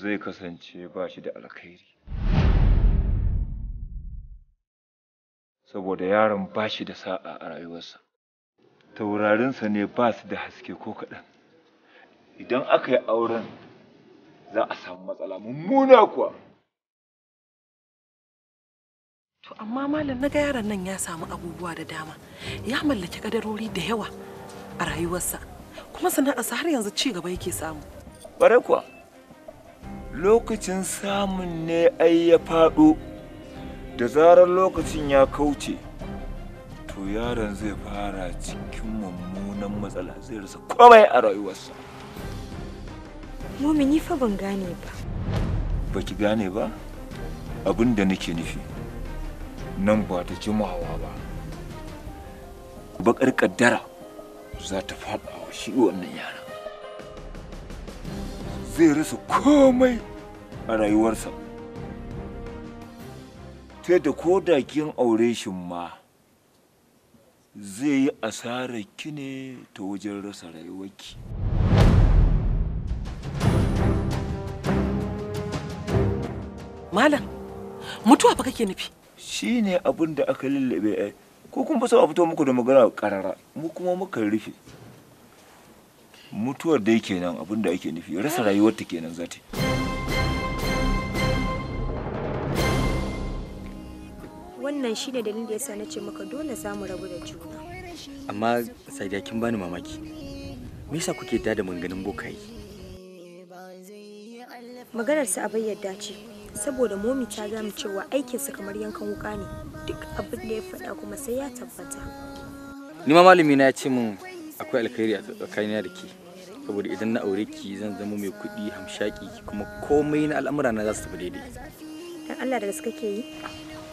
zai kasance ba shi da alkhairi saboda yaron ba shi da sa'a a rayuwarsa taurarinsa ne ba su da haske ko kaɗan idan aka yi auren za a samu matsala mummuna kuwa to amma malam na ga yaron nan ya samu abubuwa da dama ya mallaki kadarori da yawa a rayuwarsa kuma sana'arsa har yanzu ci gaba yake samu ƙwarai kuwa lokacin samun ne ai ya faɗo da zarar lokacin ya kauce to yaron zai fara cikin mummunan matsala zai rasa komai a rayuwarsa momini fa ban gane ba baki gane ba abin da nake nufi nan ba ta jimawa ba bakar kaddara za ta faɗa shi wannan yaron zai rasa komai a rayuwarsa ta da ko da kin aure shi ma zai yi asarar ki ne ta wajen rasa rayuwarki malam mutuwa fa kake nufi shine abin da aka lullube eh, ko kuma ba sa fito muku da magana karara mu kuma muka rufe mutuwar dai kenan abin da ake nufi rasa rayuwarta kenan zati. wannan shi ne dalilin da yasa na ce maka dole za mu rabu da juna amma sadiya kin bani mamaki me yasa kuke da da manganin bokaye maganar sa abai yadda ce saboda momi ta mu cewa aikinsa kamar yankan wuka ne duk abin da ya faɗa kuma sai ya tabbata ni ma malami na ya ce min akwai alkhairi a tsakanina da ke saboda idan na aure ki zan zama mai kuɗi hamshaki kuma komai na al'amura na za su tafi daidai dan Allah da gaske kake yi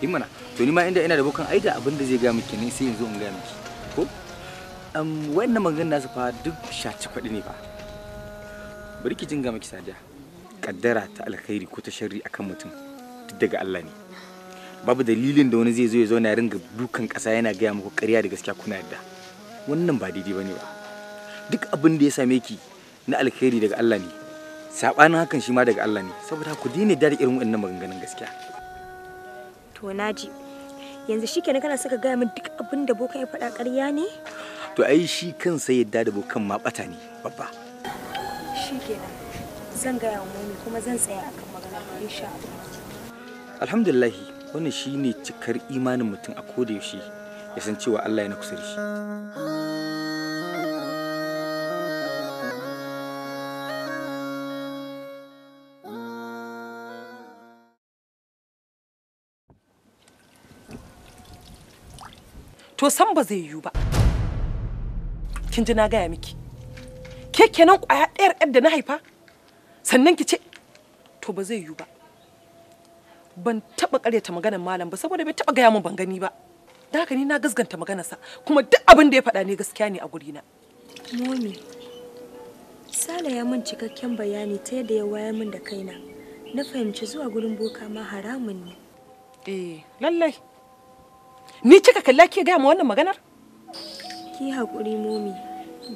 yi eh mana to ni ma inda ina da bukan aida da abin da zai ga miki ne sai yanzu in ga miki ko um wannan magana nasu fa duk shaci kwaɗi ne fa bari ki jinga miki sadiya kaddara ta alkhairi ko ta sharri akan mutum duk daga Allah ne babu dalilin da wani zai zo ya zauna ya ringa dukan ƙasa yana gaya muku ƙarya da gaskiya kuna yadda wannan ba daidai bane ba duk abin da ya same ki na alkhairi daga Allah ne sabanin hakan shi ma daga Allah ne saboda ku daina da irin wannan maganganun gaskiya to naji yanzu shikenan kana saka gaya min duk abin da boka ya faɗa ƙarya ne to ai shi kansa yadda da bokan ma bata ne babba shikenan zan gaya wa mami kuma zan tsaya akan magana insha Allah alhamdulillah wannan shine cikar imanin mutum a koda yaushe ya san cewa Allah yana kusa da shi to san ba zai yiwu ba kin ji na gaya miki ke kenan kwaya ɗayar yar da na haifa sannan ki ce to ba zai yiwu ba ban taɓa ƙaryata maganar malam ba saboda bai taɓa gaya min ban gani ba da haka ni na gasganta maganarsa kuma duk abin da ya faɗa ne gaskiya ne a gurina. Momi, Sale ya min cikakken bayani ta yadda ya wayar min da kaina. Na fahimci zuwa gurin boka ma haramun ne. Eh, lallai. ni kika kalla ki gaya ma wannan maganar ki haƙuri momi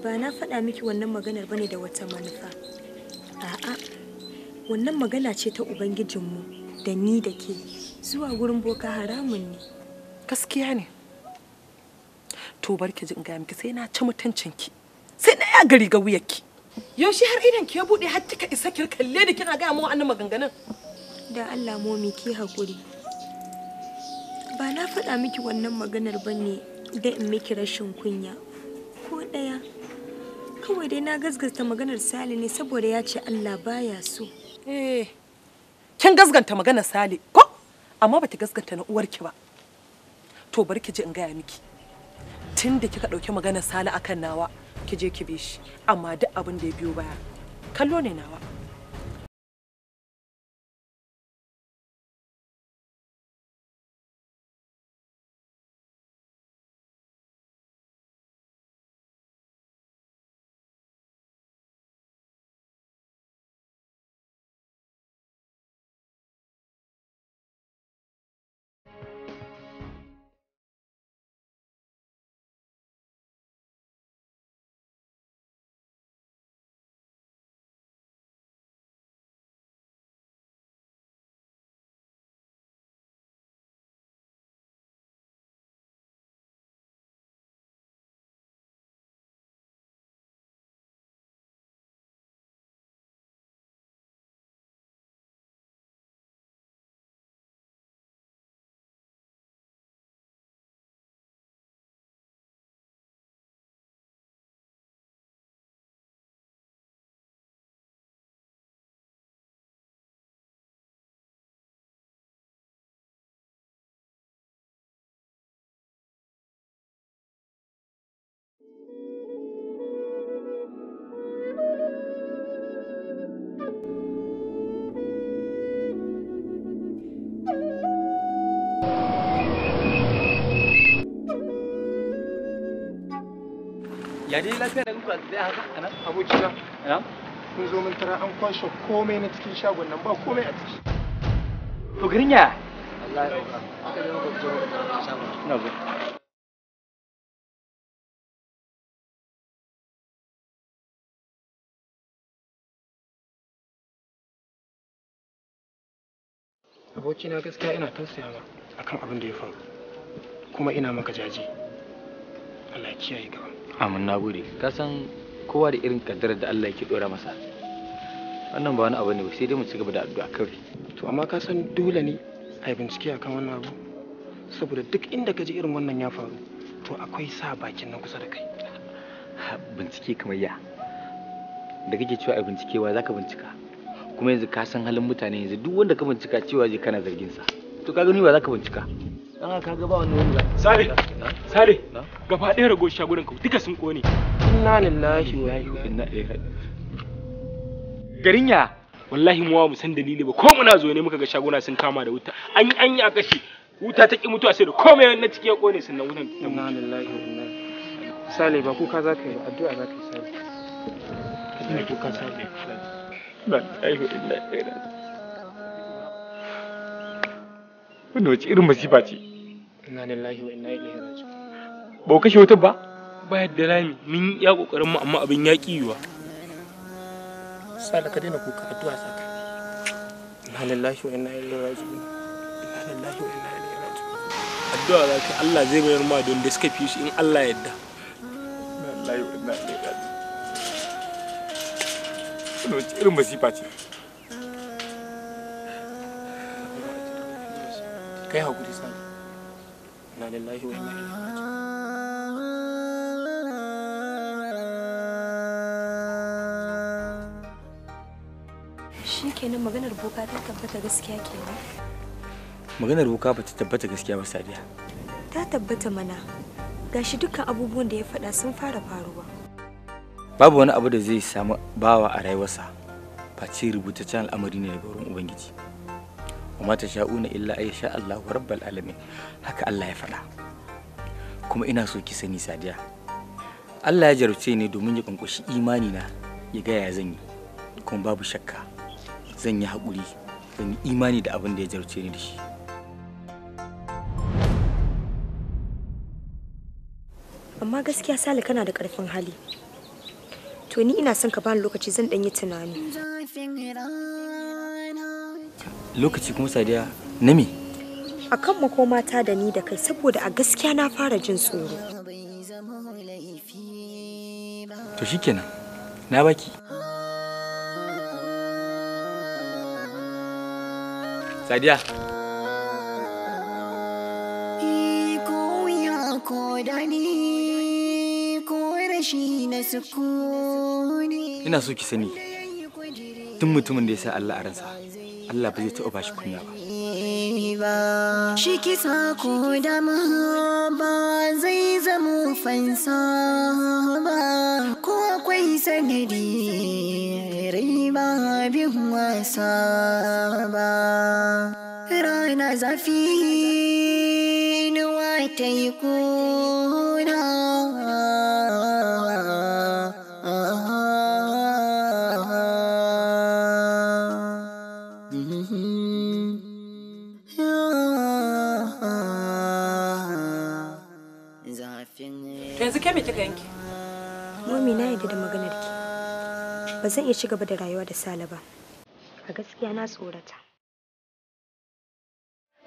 ba na faɗa miki wannan maganar bane da wata manufa a'a wannan magana ce ta ubangijinmu da ni da ke zuwa gurin boka haramun ne gaskiya ne to bar ki jin ga miki sai na ci mutuncin ki sai na ya gari ga wuyarki yaushe har idan ki ya buɗe har kika isa kirkalle da kina ga mu wannan maganganun da Allah momi ki haƙuri Ba na faɗa miki wannan maganar ba ne don in miki rashin kunya. Ko ɗaya. Kawai dai na gasgasta maganar Sale ne saboda ya ce Allah baya so. Eh, kin gasganta maganar Sale ko? Amma bata gasganta na uwarki ba. To bari ki ji in gaya miki. Tun da kika ɗauki maganar Sale akan nawa, ki je ki bi shi. Amma duk abin da ya biyo baya, kallo ne nawa. ya dai lafiya da kuka tsaye haka a nan abokina mun zo mun tara an kwashe komai na cikin shagon nan ba komai a ciki to garin ya wallahi abokina gaskiya ina tausayawa akan abin da ya faru kuma ina maka jaje Allah ya kiyaye gaba Amin na gode. Ka san kowa da irin kaddarar da Allah yake dora masa. Wannan ba wani abu ne sai dai mu ci gaba da addu'a kawai. To amma ka san dole ne a yi bincike akan wannan abu. Saboda duk inda ka ji irin wannan ya faru to akwai sa bakin na kusa da kai. Bincike kamar ya. Da kake cewa a wa za ka bincika. Kuma yanzu ka san halin mutane yanzu duk wanda ka bincika cewa je kana zargin sa. To ka gani ba za ka bincika. ga ba sale sale gaba ɗaya rago ka duka sun inna wa inna garin ya wallahi mu mu san dalili ba ko muna zo ne muka ga shaguna sun kama da wuta an yi an yi a wuta ta ki mutuwa sai da komai na ciki ya kone wutan sale ba kuka za ka yi addu'a za ka yi sale ina kuka sale ba ai, wannan wace irin masifa ce inna lillahi wa inna ilaihi raji'un ba kashe wutar ba ba yadda rami mun ya kokarin mu amma abin ya ki yiwa sala ka daina kuka addu'a saka inna lillahi wa inna ilaihi raji'un inna lillahi wa inna ilaihi raji'un addu'a za ka Allah zai bayar ma don da suka fi shi in Allah yadda inna lillahi wa inna ilaihi raji'un wace irin masifa ce kai hakuri sai inna lillahi maganar boka ta tabbata gaskiya kenan maganar boka ba ta tabbata gaskiya ba sadiya ta tabbata mana gashi dukkan abubuwan da ya faɗa sun fara faruwa babu wani abu da zai samu bawa a rayuwarsa face rubutaccen al'amari ne daga wurin ubangiji wa mata sha'una illa ay sha Allah rabbal alamin haka Allah ya faɗa kuma ina so ki sani sadiya Allah ya jarce ni domin ya kunkushi imani na ya gaya zan yi kuma babu shakka zan yi haƙuri zan yi imani da abin da ya jarce ni da shi amma gaskiya sali kana da karfin hali to ni ina son ka bani lokaci zan ɗan yi tunani lokaci kuma sadiya na me a kan mata da ni da kai saboda a gaskiya na fara jin tsoro to shikenan na baki sadiya ina so ki sani tun mutumin da ya sa Allah a ransa Allah ba zai taɓa ba kunya ba. Shi kisa ko dama ba zai zama fansa ba ko akwai sanadi riba bin wasa ba. Rana zafi ni yi ko zan iya ci gaba da rayuwa da Sale ba. A gaskiya na tsorata.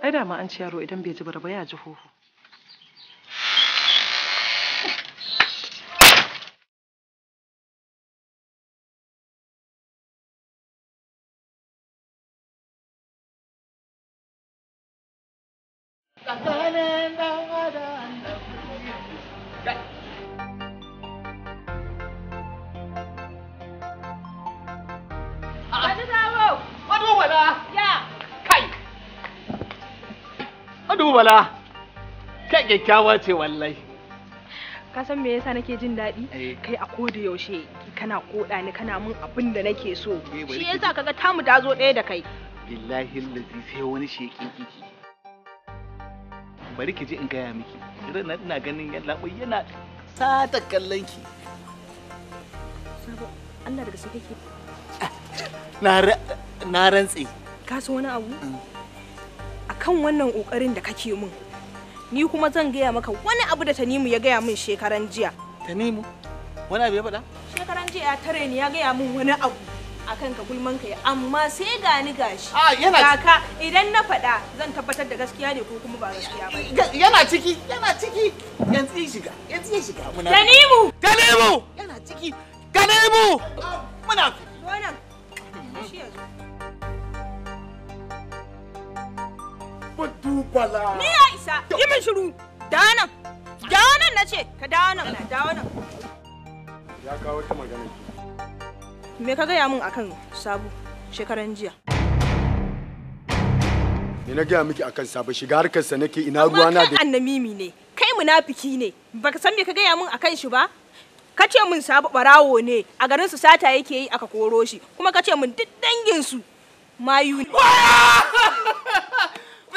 Ai da ma an ci yaro idan bai ji barba ya ji huhu. Adu bala, kai kyakkyawa ce wallahi. Ka san me yasa nake jin daɗi? Eh. Kai a koda yaushe kana koda ni kana mun abin da nake so. Eh, Shi yasa kaga tamu ta zo ɗaya da kai. Billahi lazi sai wani shekin kiki. Bari ki ji in gaya miki. na ina ganin yallaɓai yana sata kallon ki. Sabo, Allah daga sai kake. Ah, na rantse. Ka so wani abu? Mm. Kan wannan kokarin da kake min ni kuma zan gaya maka wani abu da tanimu ya gaya min shekaran jiya tanimu wani abu ya faɗa shekaran jiya ya tare ni ya gaya min wani abu akan ka gulman ka amma sai ni gashi a ah, yana kaka idan na faɗa zan tabbatar da gaskiya ne ko kuma ba gaskiya ba yana ciki yana ciki yanzu ya shiga yanzu ya shiga muna tanimu tanimu yana ciki tanimu ah, muna wannan shi yanzu ba dubala. Ni ya isa, yi min shiru. Dawo nan, dawo nan na ce, ka dawo nan, dawo nan. Ya kawo ta magana ki. Me ka gaya min akan sabu shekaran jiya? Me na gaya miki akan sabu shiga harkarsa nake ina ruwa na da. annamimi ne, kai munafiki ne, baka san me ka gaya min akan shi ba? ka ce min sabu barawo ne a garin su sata yake yi aka koro shi kuma ka ce min duk dangin su mayu ne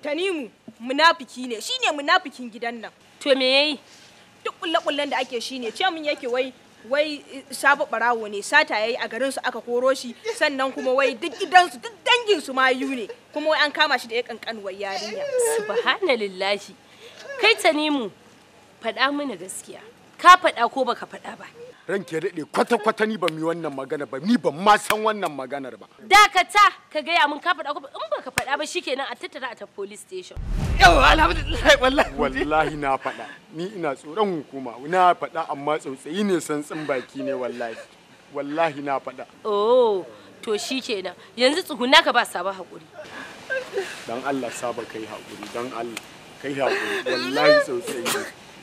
Tanimu munafiki ne shine munafikin gidan nan. To me yayi? Duk kulle-kullen da ake shine ce mun yake wai wai sabu barawo ne sata yayi a garin su aka koro shi sannan kuma wai duk gidansu duk dangin su ma mayu ne kuma wai an kama shi da ya wai yarinya. Subhanallahi. Kai Tanimu faɗa mana gaskiya. Ka faɗa ko baka faɗa ba. ranke daɗe kwata-kwata ni ba mi wannan magana ba ni ban ma san wannan maganar ba dakata ka gaya mun ka faɗa ko in ka faɗa ba shikenan a tattara a ta police station yawa alhamdulillah wallahi wallahi na faɗa ni ina tsoron hukuma na faɗa amma tsautsayi ne santsin baki ne wallahi wallahi na faɗa oh to shikenan yanzu tsuguna ka ba sabon hakuri dan Allah saba kai hakuri dan Allah kai hakuri wallahi tsautsayi ne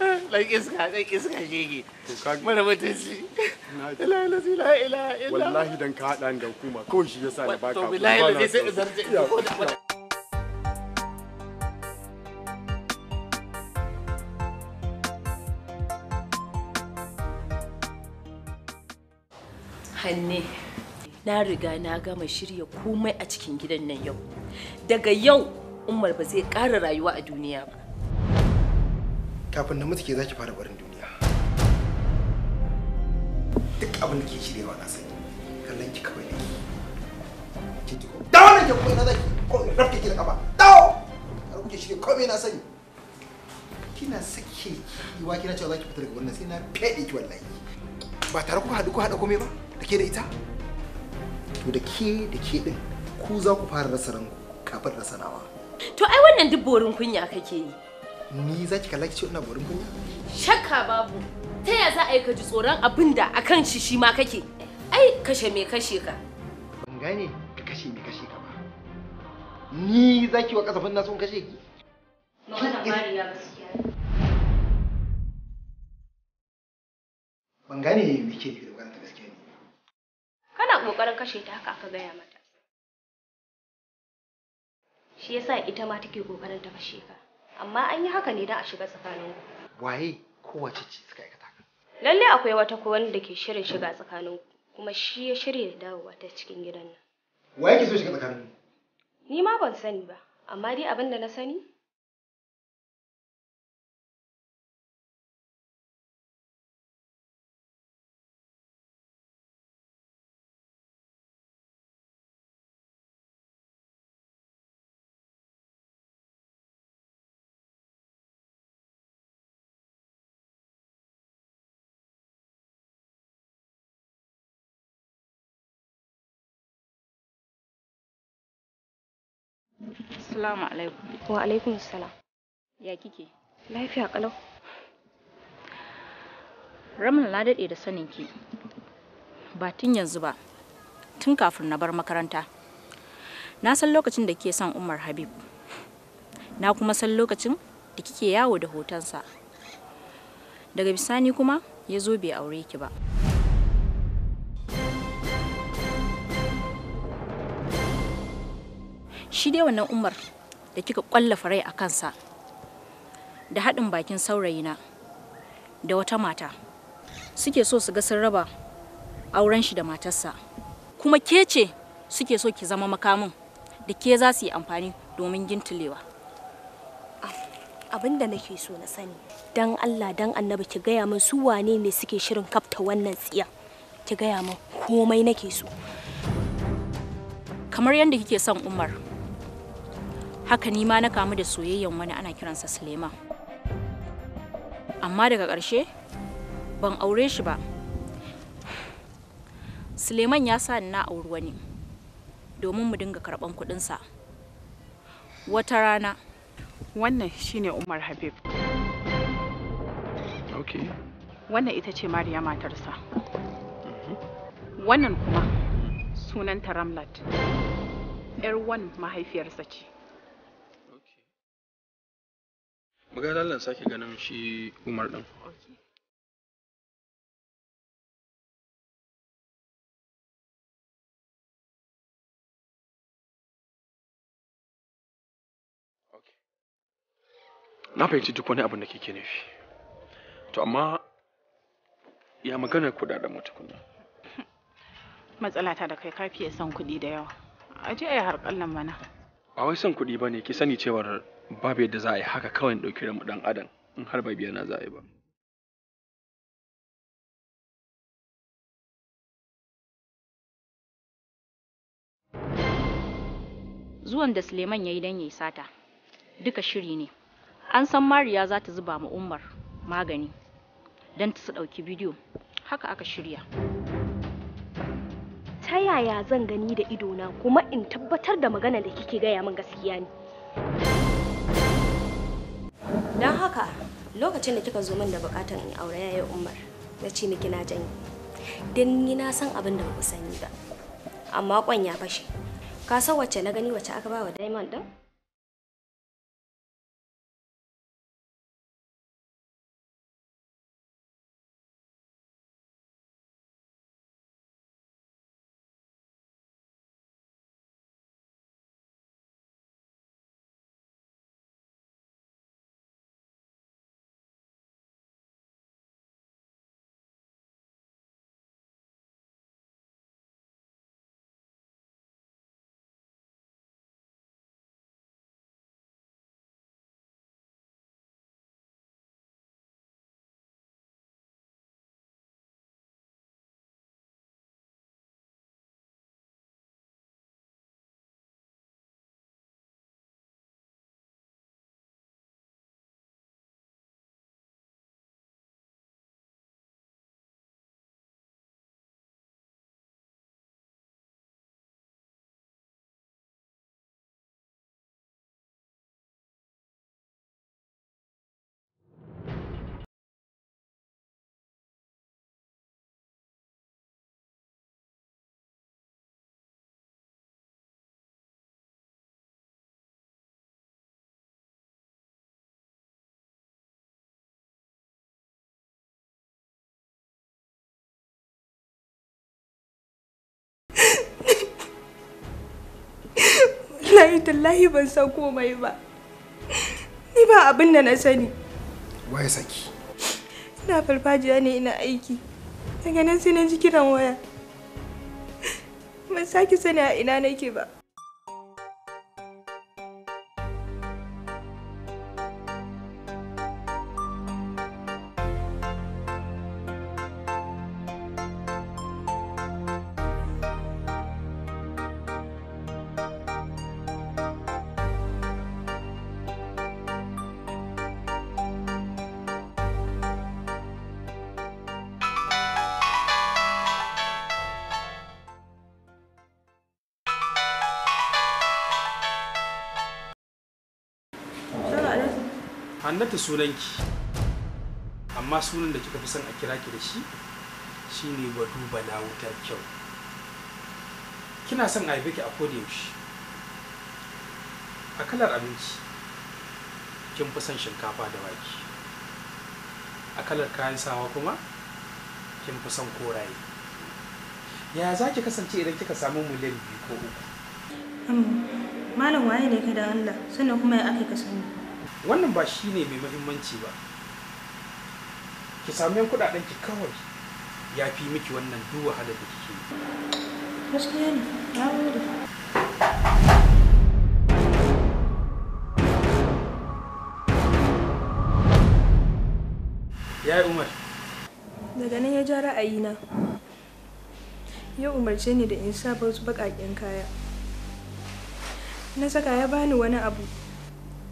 lai iska iska shege mara mutunci ila ila ila ila ka hada ni da kawai shi yasa na baka Hanne, na riga na gama shirya komai a cikin gidan nan yau. Daga yau, Umar ba zai ƙara rayuwa a duniya ba. kafin na mutu ke zaki fara barin duniya duk abin da ke shiryawa na sani kallon ki kawai da ki ki ko da nan ke koyi na zaki ko rafke ki da kafa dawo har kuke ko komai na sani kina sake kiwa kina cewa zaki fita daga wannan sai na fede ki wallahi ba tare ku haɗu ku haɗa komai ba da ke da ita to da ke da ke din ku za ku fara rasa ranku kafin rasa nawa to ai wannan duk borin kunya kake yi ni za ki kalla ki ce ina borin kunya shakka babu ta ya za a yi ka ji tsoron abin da akan shi shi ma kake ai kashe me kashe ka ban gane ka kashe me kashe ka ba ni za ki wa kasafin nasu in kashe ki ban gane me ke da magana ta gaskiya ne kana kokarin kashe ta haka aka gaya mata shi yasa ita ma take kokarin ta kashe ka amma an yi haka ne don a shiga tsakaninku waye kowace ce suka aikata lalle akwai wata ko wanda ke shirin shiga tsakanin ku kuma shi ya shirya dawowa ta cikin gidan nan waye ke so shiga tsakanin ku. ni ma ban sani ba amma dai abin da na sani Assalamu alaikum. Wa alaikum salam. Ya kike? Lafiya kalau. Ramla na daɗe da sanin ki. Ba tun yanzu ba. Tun kafin na bar makaranta. Na san lokacin da kike son Umar Habib. Na kuma san lokacin da kike yawo da hotonsa. Daga bisani kuma ya zo bai aure ki ba. shi dai wannan umar da kika kwallafa rai a kansa da haɗin bakin saurayina da wata mata suke so su ga sun raba auren shi da matarsa kuma ke ce suke so ki zama makamin da ke za su yi amfani domin gintulewa abin da nake so na sani dan allah dan annabi ki gaya min su wane ne suke shirin kafta wannan tsiya ki gaya min komai nake so kamar yadda kike son umar haka ni ma na kamu da soyayyen wani ana kiransa Suleiman amma daga ƙarshe ban aure shi ba Suleiman ya sa ni na auri wani domin mu dinga karɓan kuɗinsa wata rana wannan shine Umar Habib okay. wannan ita ce Mariya matarsa mm-hmm. wannan kuma mm-hmm. sunanta Ramlat 'yar wan mahaifiyarsa ce Buga lallen sake ganin shi Umar din. Na fahimci duk wani abin da kike nufi. To amma ya maganar kuɗaɗen matukunan. Matsalata da kai ka ya san kuɗi da yawa. Aje a yi harƙallan mana. Ba wai son kuɗi ba ne, ki sani cewar babu yadda za a yi haka kawai ɗauki mu ɗan adam in har bai biya na za a yi ba zuwan da suleiman ya yi don ya sata duka shiri ne an san mariya za ta zuba ma umar magani don ta su ɗauki bidiyo haka aka shirya ta yaya zan gani da idona kuma in tabbatar da magana da kike gaya min gaskiya ne don haka lokacin da kika zo min da bukatan in aure yayi umar na ce miki na janye don ni na san abin da ba ku sani ba amma kwan ya fashe ka san wacce na gani wacce aka ba wa diamond din wallahi tallahi ban san komai ba ni ba abin da na sani waye saki ina farfajiya ne ina aiki daga nan sai na ji kiran waya ban sake sani a ina nake ba sunan sunanki amma sunan da kika fi son a kira ki da shi shine wadu bala wutar kyau kina son a haife ki a koda yaushe a kalar abinci kin fi son shinkafa da wake a kalar kayan sawa kuma kin fi son koraye ya za ki kasance idan kika samu miliyan biyu ko uku malam waye ne ka da Allah sannan kuma ya aka ka wannan ba shi ne mai mahimmanci ba ki sami yan kudaden ki kawai ya fi miki wannan duwa wahalar da kike ya yi umar daga nan ya ja ra'ayi na. ya umarce ni da in sa su baƙaƙen kaya na saka ya bani wani abu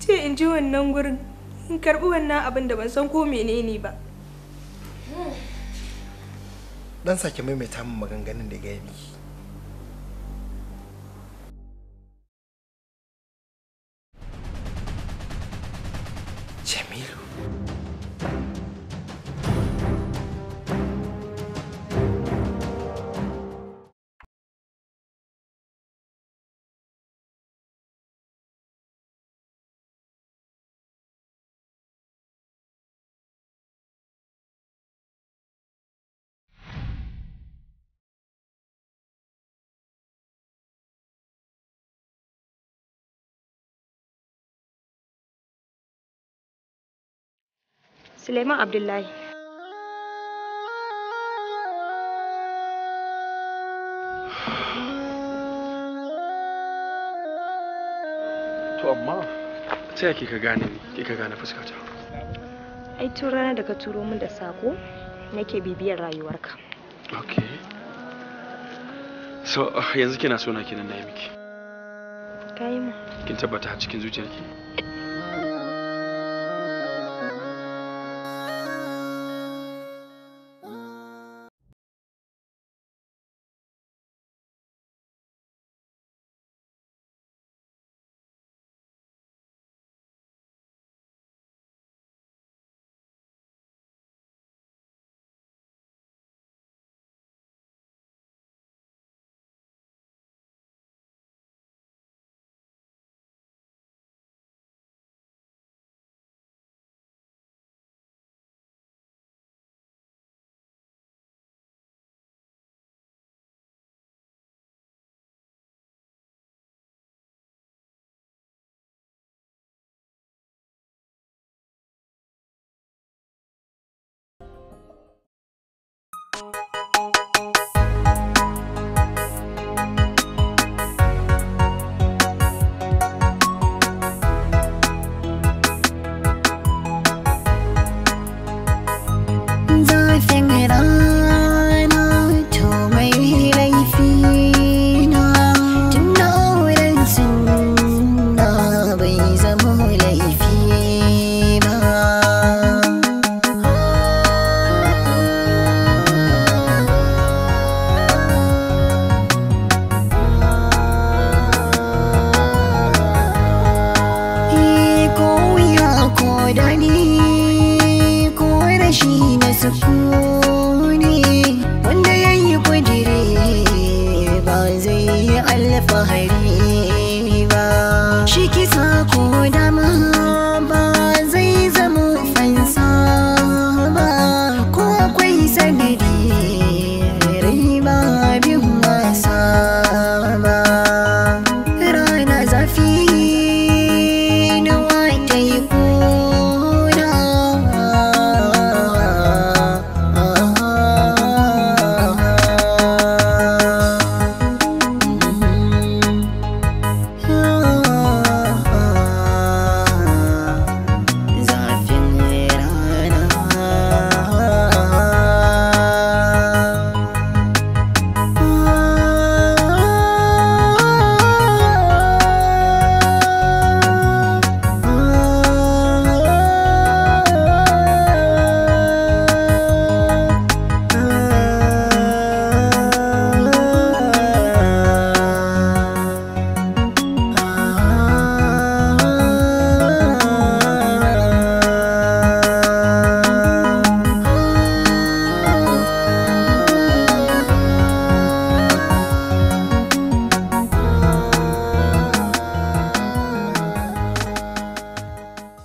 ce in ji wannan gurin in karbi wannan abin da ban san ko menene ba dan sake maimaita min maganganun da gaya miki Suleiman Abdullahi. To amma ta yake ka gane ni, ka gane fuskata. Ai tun ranar da ka turo min da sako nake bibiyar rayuwarka. Okay. So ah, yanzu kina so na kenan na yi miki. Ka yi mu. Kin tabbata cikin zuciyarki? you